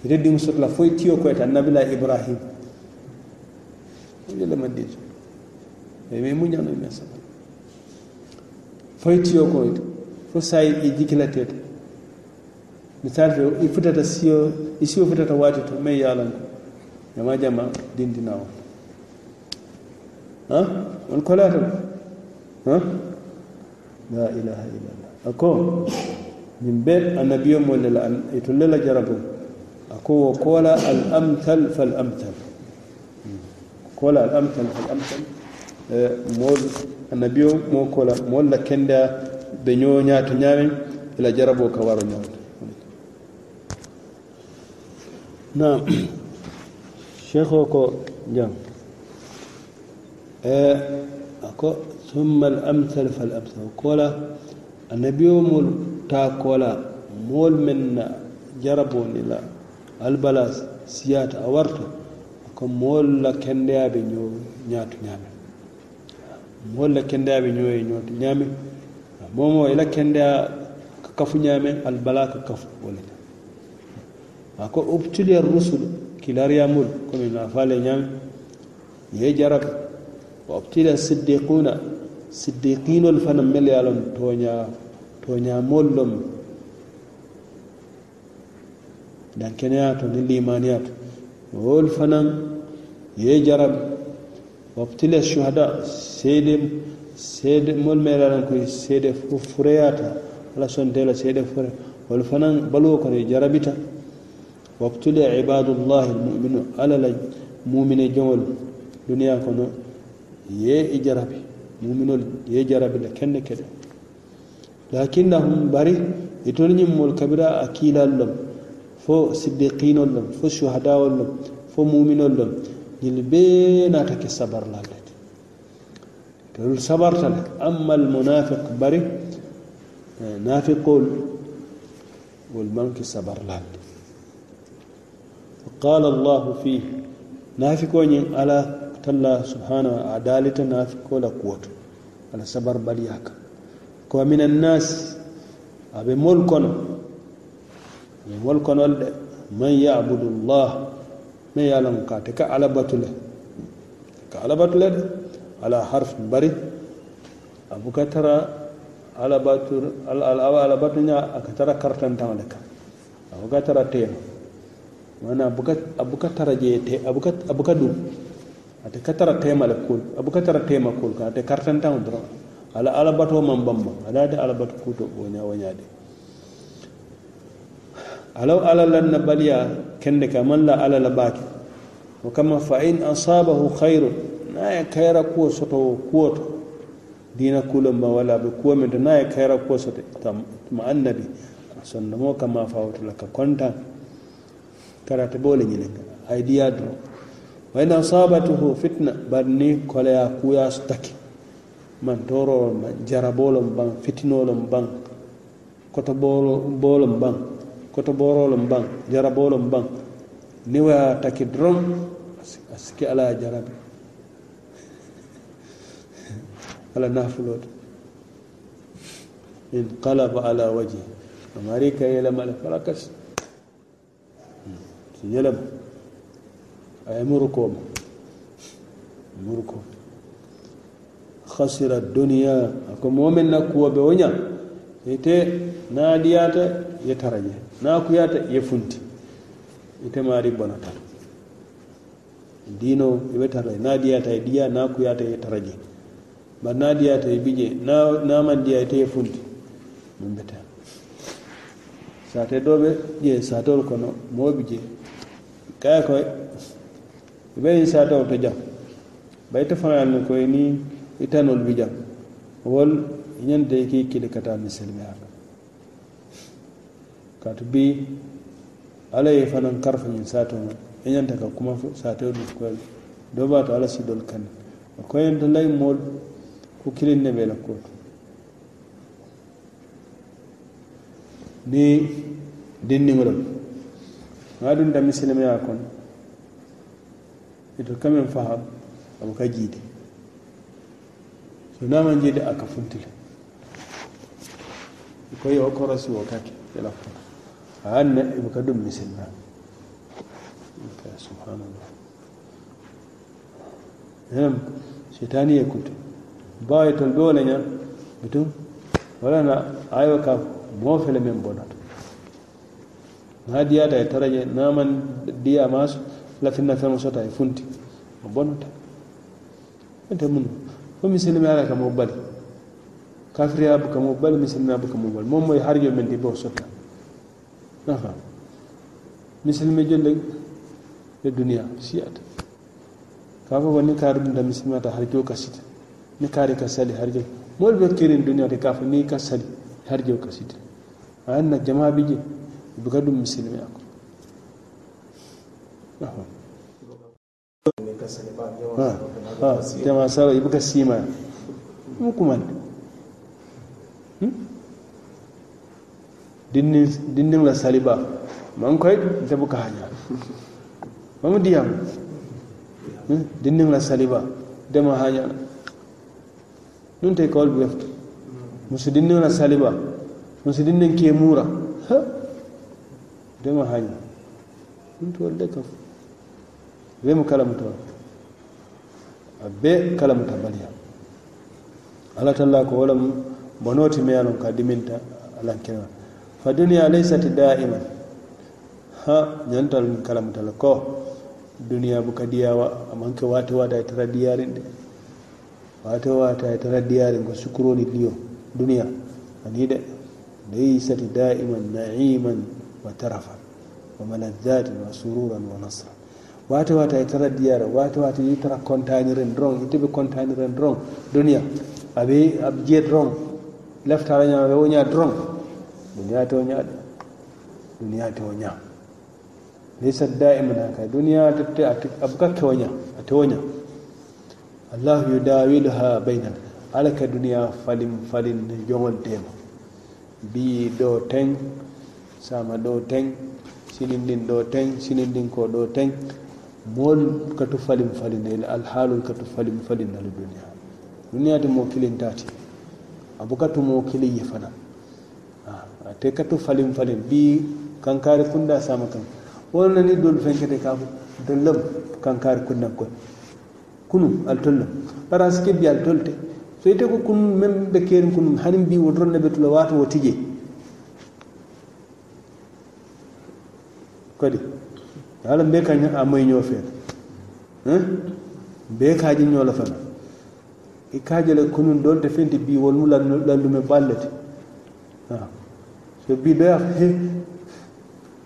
ete ɗiŋ sotla foy tiyo koye ta nabila ibrahim ele ma dijo e mai muñanoy me sabal foy tiyo koyta fo sayi e jikilatete misal to ifutata siyo isiyo futata waati to mai yalan jama jama dindina o ha on kolata ha la ilaha illallah ako min be annabiyo mo lela to lela jarabu ako wo kola al amthal fal amthal kola al amthal fal amthal mol annabiyo mo kola mo la kenda be ñoñaato ñaamen ila jarabo ka waro ñawta na shekhe ko jam e eh, ako summa al amsal fal amsal kola annabio mol ta kola mol men na jarabo ni la albala siyata a warta ko mol la kendeyaɓe ñoo ñaatu ñaame mol la kendeyaɓe ñooye ñootu ñaame momo ila kendeya ka kafu ñaame albala ka kafu wolete ako ubtulia rusul kilariyamul komi na fale ñami ye jaraka wa ubtulia siddiquna siddiqinol fana mel ye lom toña toñamol lom dankeneya to ni limaniya to fana ye jarab wa ubtulia shuhada seede seede mol melalan koy seede fureya ta ala sontela seede fure jarabita وابتلي عباد الله المؤمن على المؤمن جول دنيا كنو يجرب مؤمن يجرب لكن كده لكنهم بري يتولني مول كبيرة أكيل اللهم فو صديقين اللهم فو شهداء اللهم فو مؤمن اللهم يلبينا تك صبر لالك تقول صبرت لك أما المنافق بري نافق قول والمنك صبر لالك قال الله فيه نافكو نين على تلا سبحانه عدالة نافكو لقوته على سبر بلياك ومن الناس أبي ملكنا ملكنا من يعبد الله من يعلم كاتك على بطله على بطله على حرف بري أبو كترى على بطل على بطل أكترى كرتن تملك أبو كترى تيمه wani abu ka tara je te abu ka ɗum ate ka tara teemala kuol abu ka tara teema kuol kan ta kartantaŋo doroŋ ala alabato maŋ bamba alaate alabato kuuto woña de. alau ala lan na baliya kende ke amaŋ la ala la baki wo kama fa in asabahu hayru naŋ na ya kuwo soto kuwo to diina kuulon ma bi abe min meŋ na ya kaira kayira kuwo sote tuma annabi a sondomoo kama fawoto la ka kontan. karate boole ñiniŋ a ye diyaa doroŋ wa in asabatuhu fitna bari ni koleya su taki man tooroo loŋ baŋ ban loŋ baŋ koto boo loŋ koto booroo ban baŋ jaraboo loŋ baŋ taki doroŋ a siki ala ye jarabi ala inqalaba ala amari si yelem aye murukoma muruko hasira duniya ako momin na kuwoɓe wo ña ite naɗiyata ye taraƴe nakuyata ye funti ite mari bonatal dino ɓe taraƴe naɗiyata e ɗiya nakuyata ye taraƴe bar naɗiyata e ɓiƴe namandiya ite ye funti mumbeta sate ɗoɓe ƴe satol kono moɓi je kaya koy ibe sata to jam ta fara ni ko ni nol bi jam wol ñande ki kili kata misilmiya katu bi ala ye fanan karfa sata sato ma ñanta ka kuma sata du ko do ba ta ala si dol kan ko yan da lay mol ku kilin ne bela ko ni dinni da. ŋa duŋ da misilimeya kono ito kameŋ faha a buka jiide so niŋ a jiide a ka ko ye wo korosi wo ka ke i la fota a ye na buka duŋ misilimeya subhanallah nam shetani ye kutu bawo ye tol be wo le ñaŋ bitum wala na a ka moo fele bonata na diyata e tara je naman diya maso na fema sota ya funti o bonnata ta mun ko misilimi ala kamo bali ya buka mo bali misilima buka mo bali moom moy harjo men di na sotta nafa mai jonde e duniya siyata ta kafa ko ni kaari ɗum ta misilimata harjo ka sita ni kari ka sali harjo moolu ɓe kirin duniya da ka ni ka sali harjo ka sita a anna jama bi je bugadu muslimi ako ah ah ibuka sima mukuman hmm? dindin la saliba man koy da buka hanya mamu diyam hmm? dindin la saliba dama hanya nun tay kawal bu musu dindin la saliba musu dindin ke mura ha dema hañi ɗum to wolle zai mu mo kalamuta a be kalamuta baliya ala talla ko wolam bonoti meyalon ka diminta alankena fa duniya sati daiman ha ñantal kalamutala ko duniya buka diyawa a manke wata ya tara diyarin da wata wata ya tara diyarin ko sukuroni liyo duniya ani yi sati daiman naiman وترفا وملذات وسرورا ونصرا wato wata ita tara diyar wata ita tara kontanirin drone ita tabi kontanirin drone duniya abe abje wrong left ara nya be wonya wrong duniya to nya duniya to nya laysa na haka duniya ta ta abka wanya a ta wonya allah ha bainal alaka duniya falin falin yawon tema bi do ten sama ɗo teng sinin ɗin ɗo teng sinin ɗin ko ɗo teng mol katu falin ne, alhaalol katu falin na duniya duniya te mokilin tati abu katu mokili kili fana. fana ah, ate katu falin falin bi kankari kunda sama kan walla ni dolu fenkete kaafo dollam kankari kundan koy kunu al bara sike bi altolte so ite ko kun men ɓe keerin kun hanin bi wodron ne ɓe tula waato wo kodi ala mbe ka a moyiñoo feeta mbe kaaji ñoo la fana i kaaje le konun dool te fenti bii wol mu landume ballete waaw so bii doya he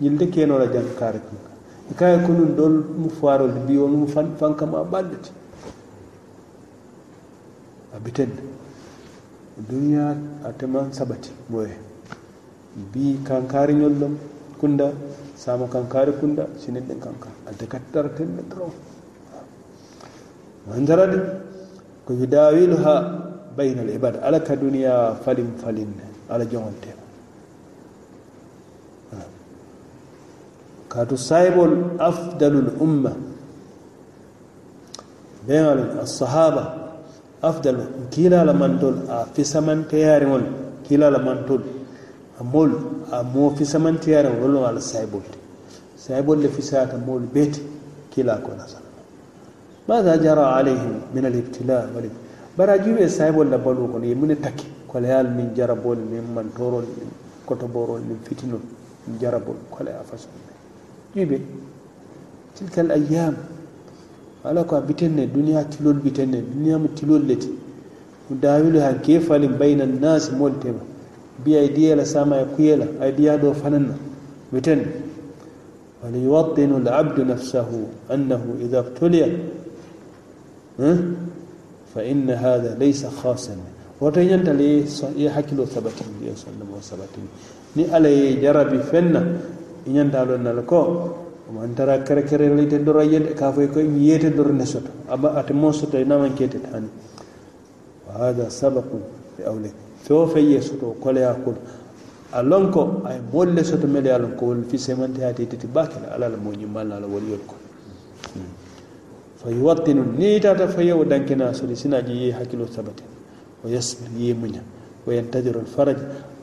ñilde keenoo la jang kaare kam i kaaye konun dool mu faarolde bii wol mu fankama ballete a bitedde duniya a teman sabati moye bii kankariñol ɗom kunda sama kankari kunda sinilɗen kanka alta kattara tenne trop mandara ɗi ko yudawilu ha bayna al ibada ala ka duniya falin falin ala jongolte kaatu sahibol afdalul umma beŋal asahaba afdal kiilala mantol a fisamanteyaariŋol kiilala mantol moolu a moo fisamantiyaren wolu ala saybol te saybol le fisayata moolu beete kila kona sala maha jara alayhim min alibtila wali bara juɓe saybol la balu kono yemune takki koleyal min jarabol min mantorol min kotoborol min fitinol min jarabol koleya façon juɓe tilka al ayam ala ko a bitenne duniya tilol bitenne duniya mo tilol leti mo dawilu ha bi aidiya la sama ya kuyela aidiya do fananna miten وليوطن العبد نفسه أنه إذا ابتلي فإن هذا ليس خاصا وتينت لي يحكي ثبتين يا سلم وثبتين ni ala ye jarabi fenna i ñantalo nal ko man tara kere kere leyte dora yede ka foy ko yete dor ne soto aba ate mo soto naman ketet hani wa hada sabaqu li awlik fewo fe ye soto koleya kono a lon ko ay moolu le soto mele ye lon ko wolu fisemante hati titi baake la ala la moo ñimmal la la woliyol ko fa yuwattinu ni tata fa yewo dankina soli sinaji ye hakkilo sabate o yasmin ye muña o yentadiru alfaraj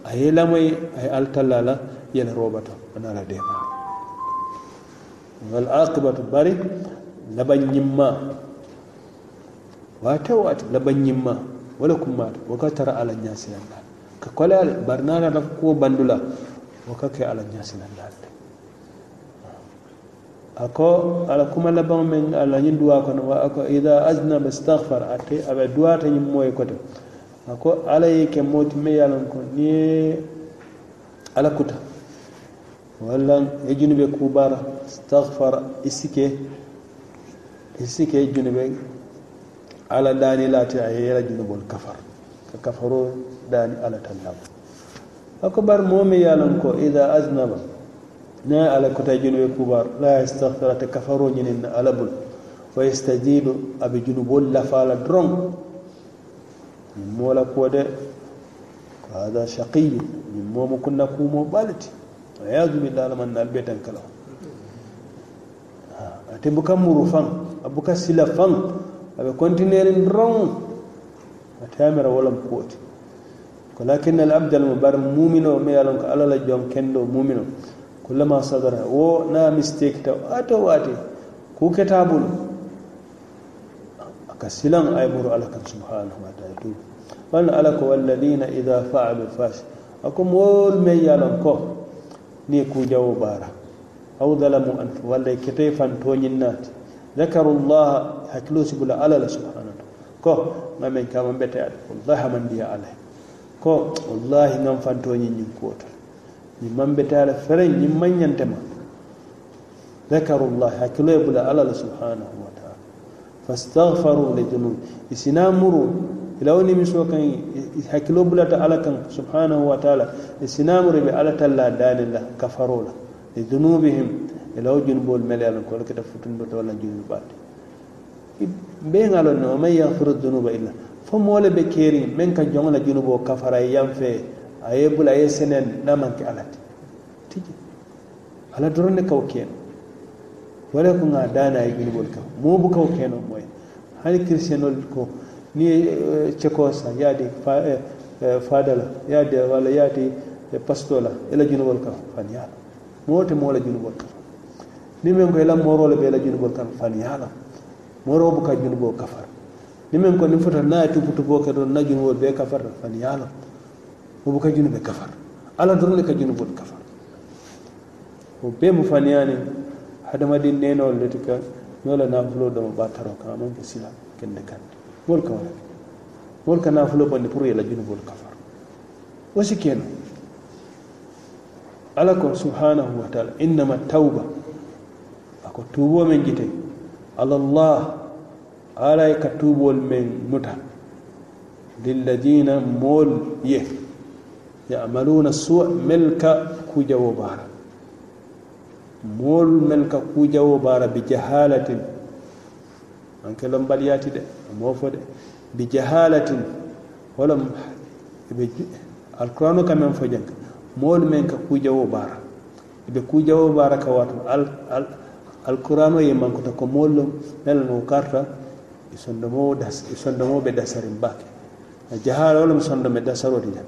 a ye lamoye aye altalla la yela robato ana ala dema wal aqibatu bari laban ñimma watewo wata laban ma. wala kuma waka tara ala ñasinanndal ka koleyal bari na ko bandula woka ke ala ñasinanndal de ako ala kuma laban men ala yin duwa kono wa ako ida aznaba stahfar ate aɓe duwata ñiŋ moye kote ako ala yake ke me yalan ko ni ala kuta wala ye junube kubara stahfara isike isike junube ala dani lati a yera junubol kafar ka kafaro dani ala tannama akubar momi yalan ko ida aznaba na ala kota junube kubar la yastaghfira ta kafaro ñinin na ala bul fa yastajidu aɓe junubol lafala dron mola ko de hada shaqiyu min momo kunna kumo A ya billah alaman na albe tankalaw ate ah, buka muru fan abuka sila aɓe kwantinerin ron a wolam kuwoti ko lakinna al al'abdal mu bar mumino mai yalon ka alala john kendo mumino kullama sadara wo na mistake ta wata wate ku keta bulu aka silan ay muru ala kan subhanahu wa ta'ala tu wan ala ko walladina idha fa'alu fash akum wol me ye lon ko ni ku jawo bara aw zalamu an walla kete fan to nyinnati ذكروا الله هكلوس بلا على الله سبحانه كو ما من كما بيت الله من دي عليه كو والله نم فانتو ني ني كوت ني من بيت بتا فرن ني من ينتما ذكروا الله هكلوس بلا على الله سبحانه وتعالى فاستغفروا لذنوب اسنامروا لو ني kan كان bulata ala على كان سبحانه وتعالى e sinamuri ɓe ala talla danila kafarola e dunubihim elaw junubool meleyala kol kete futundota walla junubu ɓarde mbeyngalo ne o man yahfiru dunuba illa fo moole ɓe keeri min ka jongla junubu o kafara e yam fee a ye bula a ye senen namanke alati tiji ala doronde kaw keeno wala ko ga daana e junubol kaw moobu kaw keeno moyen hani christianol ko ni e, cekosa yaadi e, e, fadala yaadi walla yaadi pastola ela junubol kaw fan yaala moote moola junubol kaw ni men ko ilam moro le bela junubol kan fan yalam moro bu ka junubo kafar ni men ko ni fota na tu putu bo ke don na junubol be kafar fan yalam mo bu ka junube kafar ala don le ka junubol kafar o be mu fan yani ne no le tika nola na fulo do ba taro ka man ke sila kende kan wol ka wala wol ka na fulo bonde pour yela junubol kafar wasi ken ala ko subhanahu wa ta'ala innama tauba ko tubo men jite alallah alay ka tuubol men muta lilladina mol ye yamaluna suwa mel ku kujawo bara. mol mel ka kujawo bara, bi jahalatin an kelon baliyati de mo fo de bi jahalatin holam be alquranu ka fo jeng mol men ka kujawo baara ɓe kujawo bara ka wato al, al, alkurano yemmankota ko mollom nela no karta e sondomowo e sondomoɓe dasarin bake a jahara wala mi sondome dasarode jam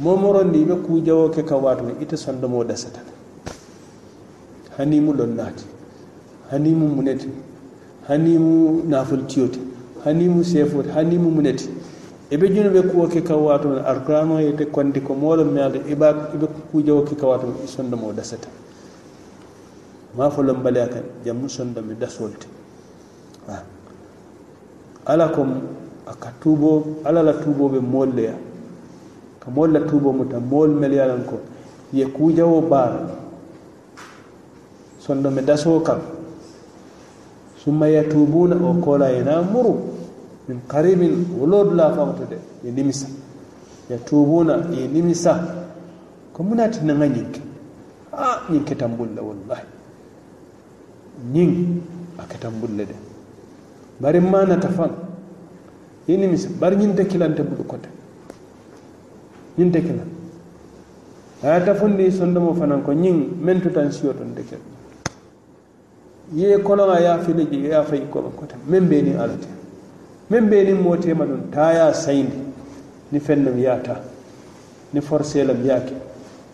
momorondi ɓe kujawo ke ka watume ita sondomowo dasata hanimu ɗon naati hanimu muneti hanimu nafoltiyoti hanimu sefoti hanimu muneti eɓe junu ɓe kuwo ke ka watume alkurano yete kondi ko molo mi e e kujawo ke ka e dasata ma fo lambaliya kan jamu sondami dasolte ala kom aka tubo ala la tubo be molle ya ka molla tubo muta mol mel yalan ko ye ku jawo bar mi daso kam summa yatubuna o kola ina muru min qaribin wolod la famta de ye nimisa yatubuna ye nimisa ko munati nanga ñinke a ah, ñinke tambulla wallahi ñiŋ a ketan bulle de bari maanata faŋ ini mis bari ñinte kilante bulu kote ñinte kila aya tafundi sondomo fanaŋ ko ñiŋ meŋ tutan siyo ton de kel ye koloŋa ye fili je ye fayi koma kote meŋ be niŋ ala te meŋ be niŋ moo tema duŋ taa ye sayindi ni feŋ nam yaata ni forcé lam yaa kee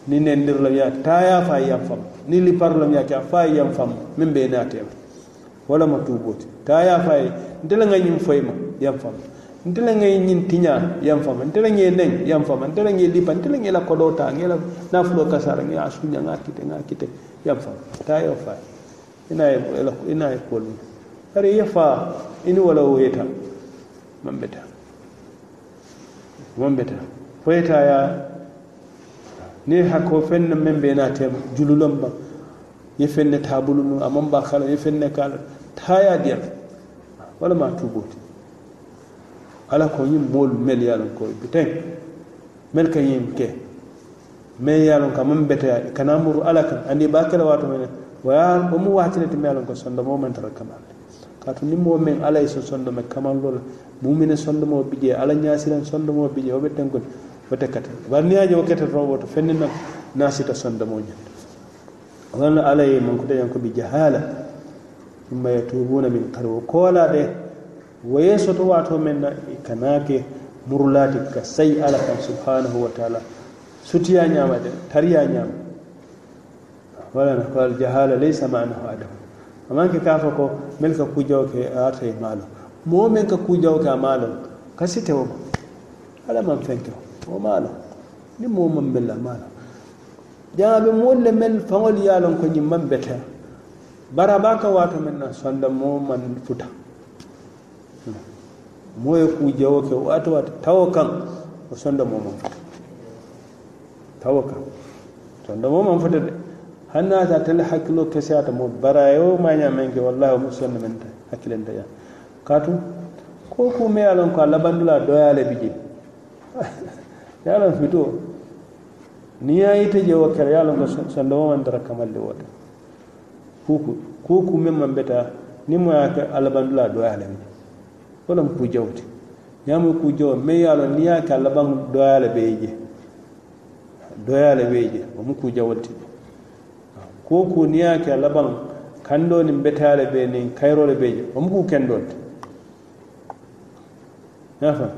ni nendirlam yake taya fa yam fam ni li ya yake fa yam fam min be na tem wala ma tuboti taya fa ndela nga nyim ma yam fam ndela nga nyin tinya yam fam ndela nga neñ yam fam ndela nga pan ndela nga la ta kodota la na fulo kasara nga asunya nga kite nga kite yam fam taya fa ina e, ina e kolmi ari ya fa ini wala weta mambeta mambeta weta ya ne hako fenne min be na tema jululon ba ye fenne tabulu nu amman ba kala ye fenne kala ta ya diyal wala ma tuboti ala ko ñim mool mel yalon ko biten mel ka yim ke me yalon ka mam beta kana muru ala kan ani ba kala wato men wa ba mu watine te melon ko sonda mo man tara kamal to ni mo men ala yi sonda me kamal lol mu mine sonda mo bije ala nyaasiran sonda mo bije o beten ko wo tekkata bari niŋ ye a je wo keta doroŋ woto feŋ niŋ naa sita sondomoo ñanta walaŋ na alla ko bi jahala summa yatubuuna min kari wo de wo ye soto waatoo meŋ na i ka naa ke murulaati ka sayi ala kaŋ subhanahu wa taala sutiya ñaama de tariya ñaama wala na ko aljahala laysa manahu adamu amaŋ ke kaa ko mel ka kujawo ke a ata ye ka kujawo ke a maalo ala maŋ feŋ o mala ni mo man bella mala mo le men fangol yalon ko man beta baraba ka wato men na sonda mo man futa e ku jawo ke wato wato tawo kan o sonda mo man futa tawo kan sonda mo man futa de hanna ta tal hakilo kese ata mo barayo ma nya men ke wallahi mo sonda men ta hakilen ta ya katu ko ku me yalon ko labandula doyale bijin yalan fito ni ya je wa kare kere yalan ka sandama man dara kamar da wata kuku kuku min man beta ni mo ya ka alabandula do ya labi wala ku jawti ya mu ku jaw me yalo ni ya ka alaban do ya labi je do ya labi je mu ku jawti kuku ni ya ka alaban kando ni beta le be nin kayrole be je mu ku kendonte nafa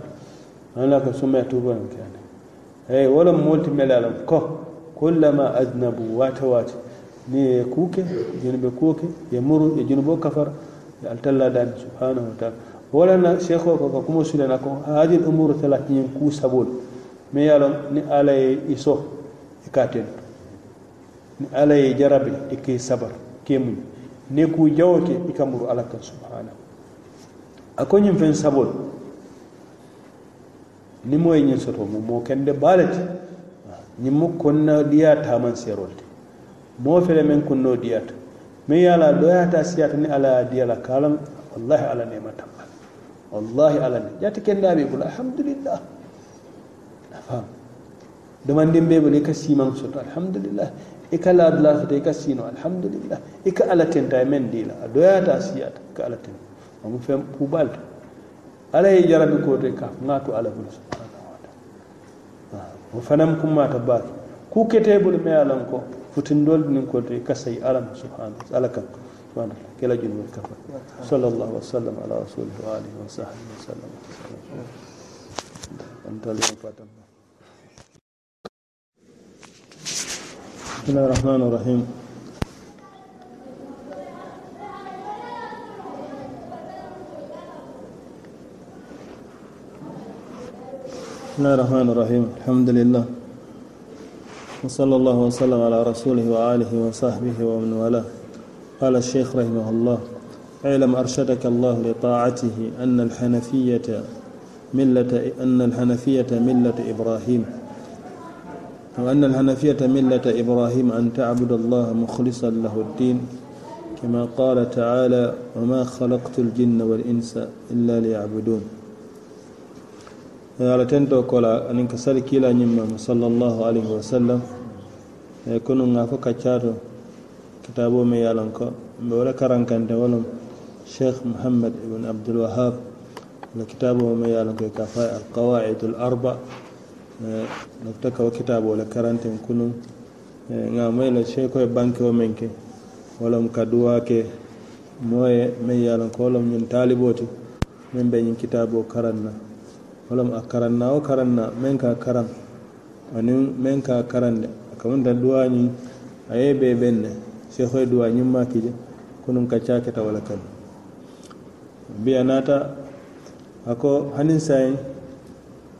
Allah ka sumaya tuba nke hey eh, wala multi melalam ko kullama aznabu wata wata ne ya kuke junuɓe kuke, ya muru ya junubo kafar e altalla ni subhanahu wa taala walana cheikh o koko kuma sudana ko hajil umuru tala ñin kuu sabol mais ye lon ni ala ye iso e ka tento ni ala jarabe e sabar ke ne ku jawote ke ka muru ala kan subhanahu a ko fen sabol Ni ye ñiŋ soto mu mo kende baa le ti ñiŋ mu konna diya taaman seerol ti moo fele meŋ diya diyata me ye a la ta siyata ni ala diya la kalam wallahi ala nema mata wallahi ala ne jaati kendaa be bula, alhamdulillah afaam domandin be bulu i ka siimaŋ soto alhamdulillah i ka laadula soto i ka siino alhamdulillah i ka ala tenta ye meŋ dii la a doyata siyata i ka ala tenta mo fe puubaal to ala yi jarabi kote ka na to ala bulu subhanahu wa taala wo fanaŋ ku kete bulu me ye ko sayi ala ma subhanahu kan wa kafa sallallahu wa sallam ala wa alihi wa sahbihi wa sallam patam بسم الله الرحمن الرحيم الحمد لله وصلى الله وسلم على رسوله وآله وصحبه ومن والاه قال الشيخ رحمه الله اعلم أرشدك الله لطاعته أن الحنفية ملة أن الحنفية ملة إبراهيم وأن الحنفية ملة إبراهيم أن تعبد الله مخلصا له الدين كما قال تعالى وما خلقت الجن والإنس إلا ليعبدون ala tento kola anin ka sali kila ñimmema sallallahu alaihi wa sallam e kono nga fo kaccato kitabo me yalan ko mbe wala karankante wolom cheikh mohammad ibn abdulwahab la kitabo me yalan ko ka fa alqawaidu l arba ta kawo kitabo la karanten kunun nga mayla cheikoye banque o men wala wolom kaduwa ke moye mai yalan ko wolom ñin taaliboti min be ñin kitabo karanna walam a karanna wo karanna men ka karan anin men ka karande kamunta duwa ñin a ye be ben ne sekhoye duwa ñimma kije kunun kacca keta wala kan biya nata a ko hanin sayin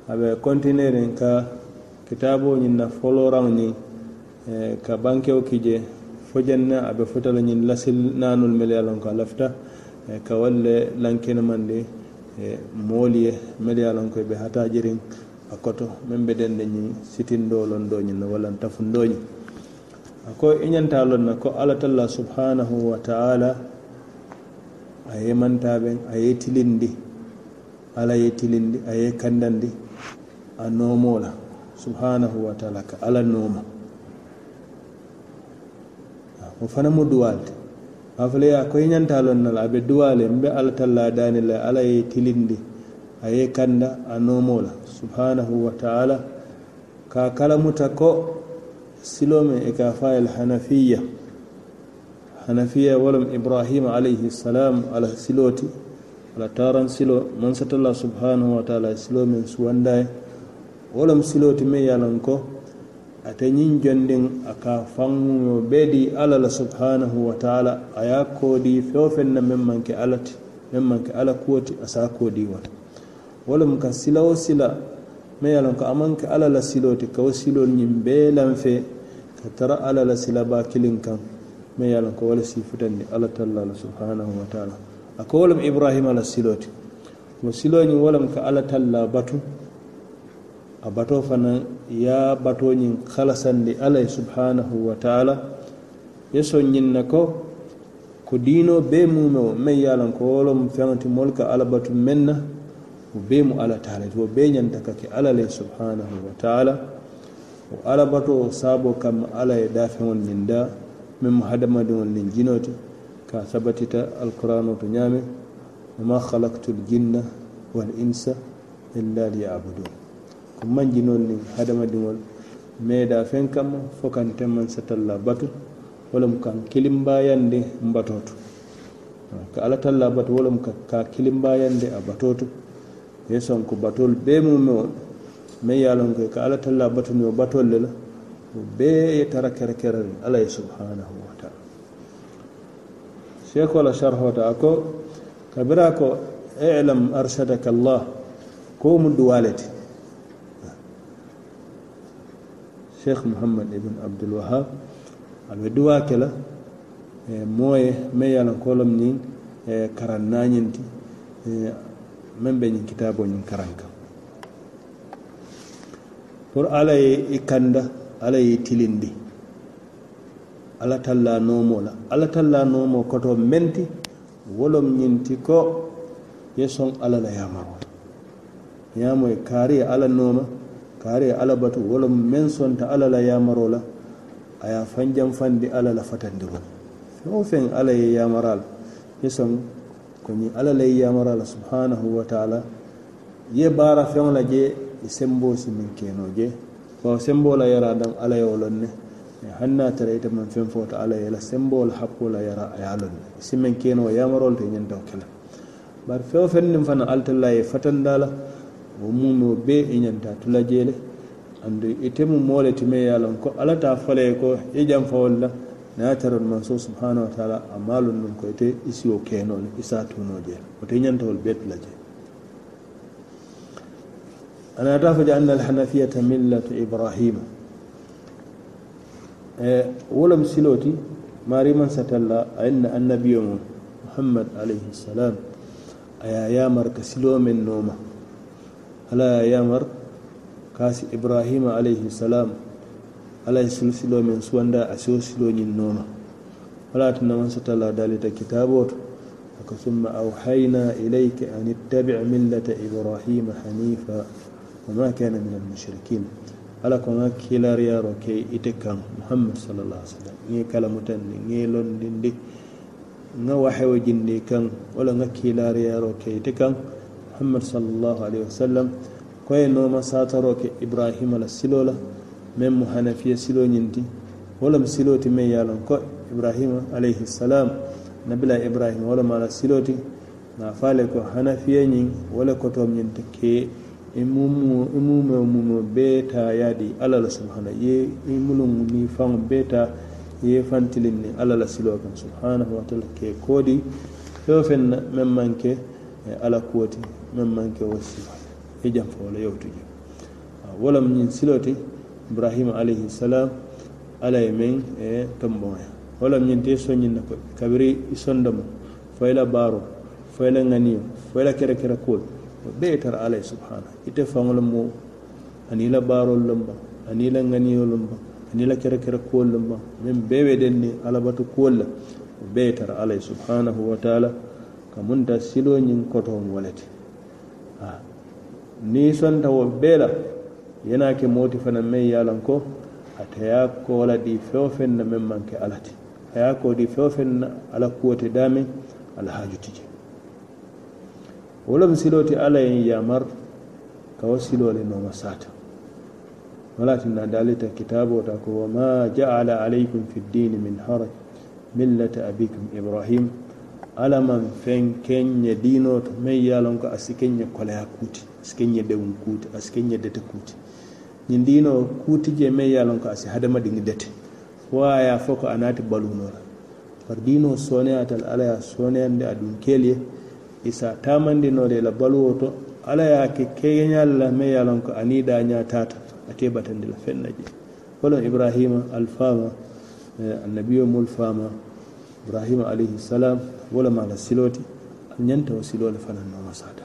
a be continuerin ka kitabo ñin na foloraŋ ñin eh, ka bankewo kije fojanna a be fotalo ñin lasil nanul mele ye lon ko a lafita eh, ka walle lankinamandi e mooliye medialonkoye ɓe hatajirin a koto min ɓe den deñi sitindolon doñin walla tafundoñi e ko iñantalonna ko allatalla subhanahu wa taala a yemantaɓen a ye tilindi ala ye tilindi a ye kandandi a nomola subhanahu wa taala ka ala nooma o fana mo duwalde a fo le a lon na la a be duwa le mbe alla talla dani la ala ye tilindi a ye kanda a nomo la subhanahu wa taala ka kalamuta ko silome e ka fa hanafiya hanafiya wolom ibrahima alayhi salam ala siloti ala taran silo man satalla subhanahu wa taala silome suwandaye wolom siloti me yalon ko ta ñiŋ jondiŋ a ka faŋo bee di alla la subhanahu wa taala a ye a koodi feŋ feŋ na meŋ maŋ ke alla ti meŋ maŋ ke alla kuwo ti a se a koodi wo ti wo lemu ka sila wo sila meŋ ye a loŋ ko a maŋ ke alla la siloo ti ka wo siloolu ñiŋ bee ka tara alla la silabaa kiliŋ kaŋ meŋ ye a loŋ ko wo le siifutandi alla talla la subhanahu wa taala a ko wo lemu ibrahima la siloo ti wo siloo ñiŋ wo lemu ka alla talla batu a bato fana ya bato ñiŋ halasandi alla ye subhanahu wa taala yeso soŋ ñiŋ na ko ko be bee me o meŋ ye a lanko wo loŋ feŋo ti ka batu meŋ na o be mu ala taala to be bee ñanta ka ke alla le subhanahu wa taala wo alla batoo ala kamma alla ye daafeŋolu ñiŋ da meŋ mu hadamadiŋolu niŋ jinoo ti ka sabatita alkur'ano to ñaamiŋ ma khalaqtul jinna wal insa illa liyabudun Ko manjinol niŋ hadamadiŋol mais da feŋ kamma fo kaŋ tenmaŋ satalla batu wo lemu kaŋ kilimbayandi n batoo ka alla talla batu wo lemu ka kilimbayandi a batoo to ye ko batol bee mu mewo me ye loŋ ko ka alla talla batu niŋ batol le la wo bee ye tara kerekereri alla ye subhanahu wa taala sheekoo la sharhota a ko kabira ko "Elam arsadaka allah ko mu duwaleti Sheikh Muhammad ibn Abdul Wahab aɓe duwa kela e mooye me ye lan kolom ñiŋ e karan nañiŋ ti e, meŋ be kitabo ñiŋ karan pour alla ye i e kanda alla ye i tilindi alla talla noomoo la alla talla noomoo koto meŋ wolom ñiŋ ko ye soŋ la yaamaro yaamoye kaari ye alla kare ala wala wolom men alala ala la yamaro la aya fanjam fandi alala fatan fatandirol fen alaye ya marala nisan yamaral alala ya marala subhanahu wa taala ye bara feŋo la je i semboo si miŋ keno je bawo semboo la yara daŋ ala ye wo loŋ ne haŋ naa tara ite maŋ la semboo la hakkoo la yara a ye a loŋ ne si miŋ keno yamarol te ñanta wo ke la wo mumeo bee i ñanta tula jee andu ite mu moo le time ye a ko alla ta fo ko i janfawol la naŋ a tarol manso subhanahu wa taala a maa loŋ ko ite i siwo keenoo le i se a tuunoo jee le woto i ñantawol bee tula jee ana ta fo je anna alhanafiyata millatu ibrahima e, wo lem siloo ti mariman satalla ayenna annabiyo mum muhammad alayhi salam aya yamar ka siloo men nooma ala yamar kasi ibrahima alaihi salam ala silsilo min suwanda a yin noma wala tanaman sotala dalita kitabo to aka summa awhayna ilayka an a millata ibrahima hanifa wama kana min almushrikin ala kilar ya roke ita kan muhammad sallallah kala sallam ne kalamutandi ŋe londindi ŋa wahewo jinde kan wala kilar ya roke ita kan muhammad sallllahu alayhi wa sallam koye nooma sataro ke ibrahima la silo la meŋ mu hanafiya silo ñinti wo lemu silo ti meŋ ye ko ibrahima alayhi salam nabila ibrahima wala lemu a la silo ti nafa le ko hanafiya ñiŋ wo le kotom ñinti ke i e mumo mumo e bee taa yaadi alla la subhana ye i e muluŋ ni faŋo bee taa ye fantilin ni alla la silo kaŋ subhanahu wa taala ke kodi fewo feŋ na meŋ maŋ ke alla kuwo non manke ke wo sifa i janfa wo la yewo tu je wo lemu ñiŋ siloo ti ibrahima alayhisalam alla ye meŋ tomboŋoya wo lemu ñiŋ te i so na koy kabiri i sondamo fo i la baaro fo i la ŋaniyo fo i la kuolu bee tara alla ye subhana ite faŋo le moo ani i la baarolu le mbaŋ ani i la ŋaniyo le mbaŋ ani i la kerekere kuolu le mbaŋ meŋ bee be den ni alabatu kuolu la wo bee tara alla ye subhanahu wa taala ka munta siloo ñiŋ kotoŋ wo le ti Ah. ni sonta wo bee la ke mooti fana meŋ ye a ta ko ate ye a ko la di feŋ feŋ na meŋ maŋ ke alla ti a ye a di feŋ feŋ na alla kuwo te daamiŋ alla haaju ti je wo lemu siloo ti alla yamar ka wo siloo le nooma saata na dalita kitaboo ta ko wama jaala alaykum fi min haraj millata abikum ibrahima ala man feŋ dino diinoo to meŋ ka a ko a si keŋñe koleya kuuti a kuti keŋñe dewum kuuti a si keŋñe kuti kuuti ñiŋ diinoo kuuti je yalon ka a loŋ hada a si hadamadiŋ dete fo a ye a fo ko dino sone baluunoo la bari diinoo sooneyaata le ala a sooneyandi aduŋ keelu ye i se a taamandinoo le la baluwo to ala ya ke kenya la yalon ka a loŋ ko aniŋ daañaa taata ate batandi la feŋ na je wo Ibrahim ibrahima alfaama eh, annabiyoo mulu Ibrahim alaihi salam wala mana siloti ñanta wo silole fanannoma sata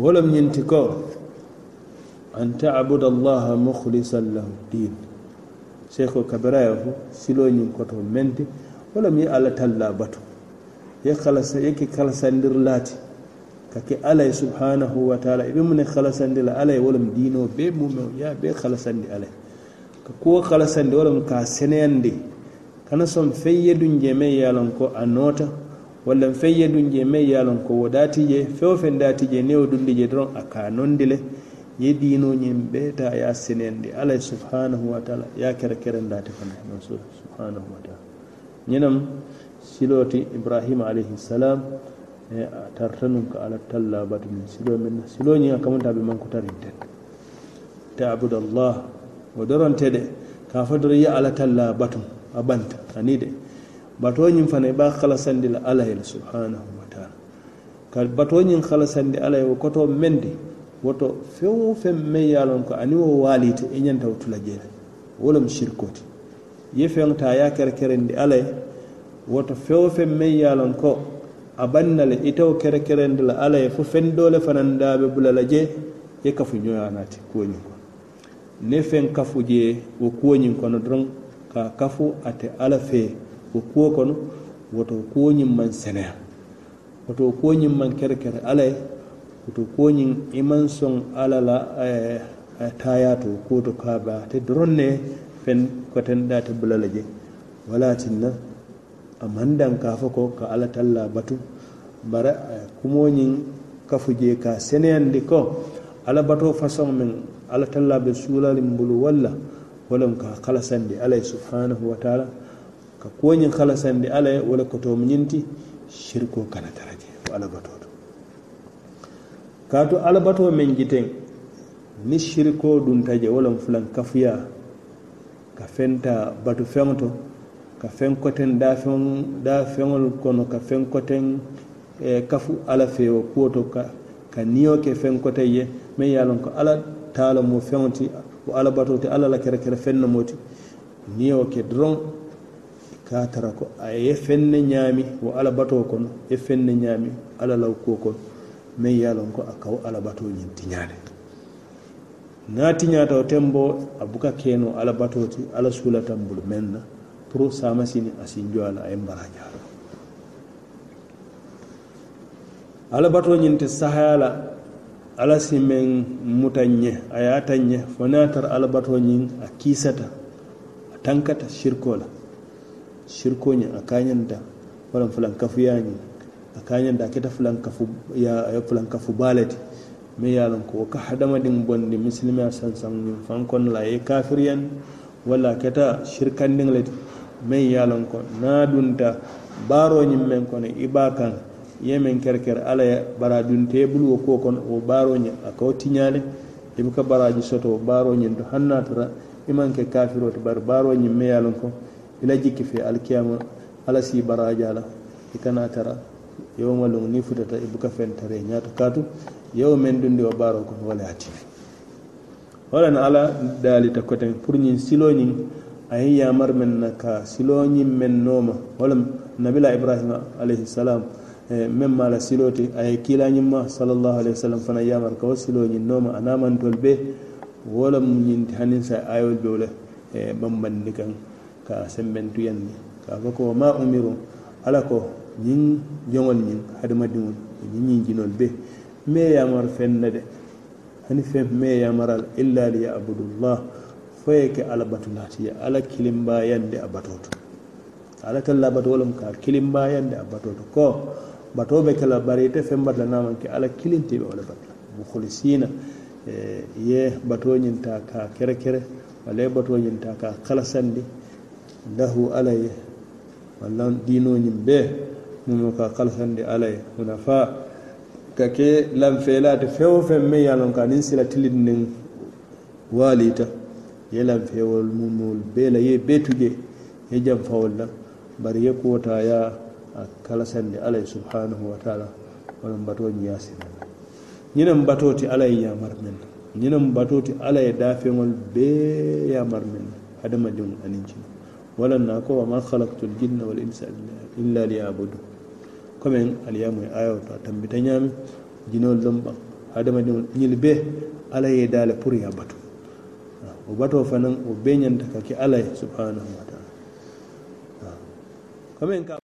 wolem ñinti ko an ta'budu allaha mukhlishan lahu din seko kabiraya silo siloñin koto menti wolem ye alla talla batu ya kalasa yeke lati ka kake alai subhanahu wa taala ibn mune kalasandi alai alay wolem be mu ya be khalasandir alai. ka kuwo kalasandi walla mu ka seneyandi kana son feŋ ye je mai ye a ko a nota walla feŋ ye je meŋ ye ko wo daati je feŋ wo feŋ je niŋ wo dundi je doroŋ a ka a nondi le ye diinoo ñiŋ bee taa ye a subhanahu wa taala ye a kere kerendaati fana subhanahu wa taala ñinam siloti Ibrahim ibrahima alayhi salam e, a tarta ka ala talla batu min siloo min na siloo ñiŋ a kamunta be mankutariŋ ten allah wodoronte de ka fodoro yi ala talla a banta ani de batoñin fana i be halasandi la ala ye subhanahu wa taala ka batoñin halasandi ala ye wo koto men di woto wato wo mai yalon ka a lon wali ta wo waalite i ñanta wo tula jee wo ye feŋ ta ya a kerekerendi ala ye woto feŋ wo feŋ meŋ ye a lon a banna le ite wo di la ala ye fo feŋ doole fanaŋ daabe bula la jee ye kafu ko kuwo ñiŋ ne feŋ kafu jee wo kuwoñiŋ kono doroŋ ka kafu ate ala fee wo kuwo kono woto kuwoñiŋ maŋ seneya woto kuwoñiŋ maŋ kere kere ala ye woto kuwoñiŋ imaŋ soŋ ala la e, e, taayaato kuwo to kaaba ate doroŋ ne feŋ kotenɗa ate bula la je wala tinna a maŋ daŋ ka fo ko ka alla talla batu bara e, kumoñiŋ kafu jee ka seneyandi ko ala bato façon meŋ ala talla be suulali bulu walla wolem ka halasandi ala ye subhanahu wa taala ka kuwoñin halasandi ala ye wala kotomo ñinti shirko kana taraje je o alabato to kaatu alabato men jiten ni shirko dunta je wolem fulan kafuya ka fenta batu feŋo to ka feŋ koten daa feŋol kono ka feŋ koten eh, kafu ala fewo kuwo to ka, ka niyo ke feŋ koten ye meŋ ye a ko ala taala mo feŋo ti wo alabato ti alla la kerekere feŋ nomo ti niŋ ye wo ke doroŋ ka a tara ko a ye feŋ ne ñaami wo alabatoo kono ye feŋ ne ñaami alla la kuo kono meŋ ye a loŋ ko a ka wo alabatoo ñiŋ tiñaale niŋ a tiñaata wo tenbo a buka keenoo alabatoo ti alla suulata n bulu meŋ na pour saamasini a sinjo a la e a ye n jaaro alabatoo ñiŋ ti sahaya la ala si meŋ mutan ñe a ye a ta fo niŋ a tara alabato ñiŋ a kisata a tankata shirko la shirko ñiŋ a ka ñanta walaŋ fulaŋ kafuyaa ñiŋ a ka ñanta a keta filan kafu ye fulaŋ kafu baa le ti miŋ ye a ko wo ka hadamadiŋ bondi misilimaya sansaŋ ñiŋ faŋ kono la a kafir yan wala a keta shirkan le ti miŋ ye a ko na dunta baro ñiŋ men kono i baa kaŋ yemen kerker ala baradun tebul wo ko kon o baroñe aka o tiñale ibe ka baraji soto o baroñen to hannatata imanke kafirote bar baroñe meyalon ko ila jikki fe alkiyama ala si barajala i kana tara yowmalon ni futata i buka fentare ñato katu yow men dundi o baro kon wala atibi walan ala dalita koten pour ñin siloñin ayi yamar men na ka siloñin men nooma walla nabila ibrahima alayhi salam meŋ maa la siloo ti a ye ma salallahu alayhi wa sallam fanaŋ e, ka wo siloo ñiŋ a naŋ mantolu wo le ñiŋ ti sa le kaŋ ka a sembentuyandi ka fo ko maa umiru ala ko ñiŋ joŋol ñiŋ hadamadiŋol ñiŋ ñiŋ mee feŋ na de hani feŋ mee yamara la illa liyabudullah fo ye ke ala ala a bato be kela barite fen batla naman ke ala kilinte be wala batla mukhlisina eh, ye bato nyinta ka kere kere wala bato nyinta ka sandi. lahu alaye wala dino nyim be mumu ka kalasandi alaye hunafa ka ke lanfeelate fewo fen me yalon ka nin sila tilin nin walita ye lanfewol mumul be la ye betuge, ye jam fawol la bari ye kota ya a kala sende alai subhanahu wa taala bato wala mbatoji yasina ñinen batoti alay yamar men ñinen batoti alay dafeŋol bee ya men hadamadiŋo aniŋ cino wala na ko wa ma halaktu l jinna wal insa illa liyabudu commen aliyamoye ayo to a tambita ñaami jinol lom ɓaŋ hadamadiŋol ñil bee alai ya dala pour ya bato ah, o bato fanan o bee ñanta ka ke subhanahu wa taala commen ah, ka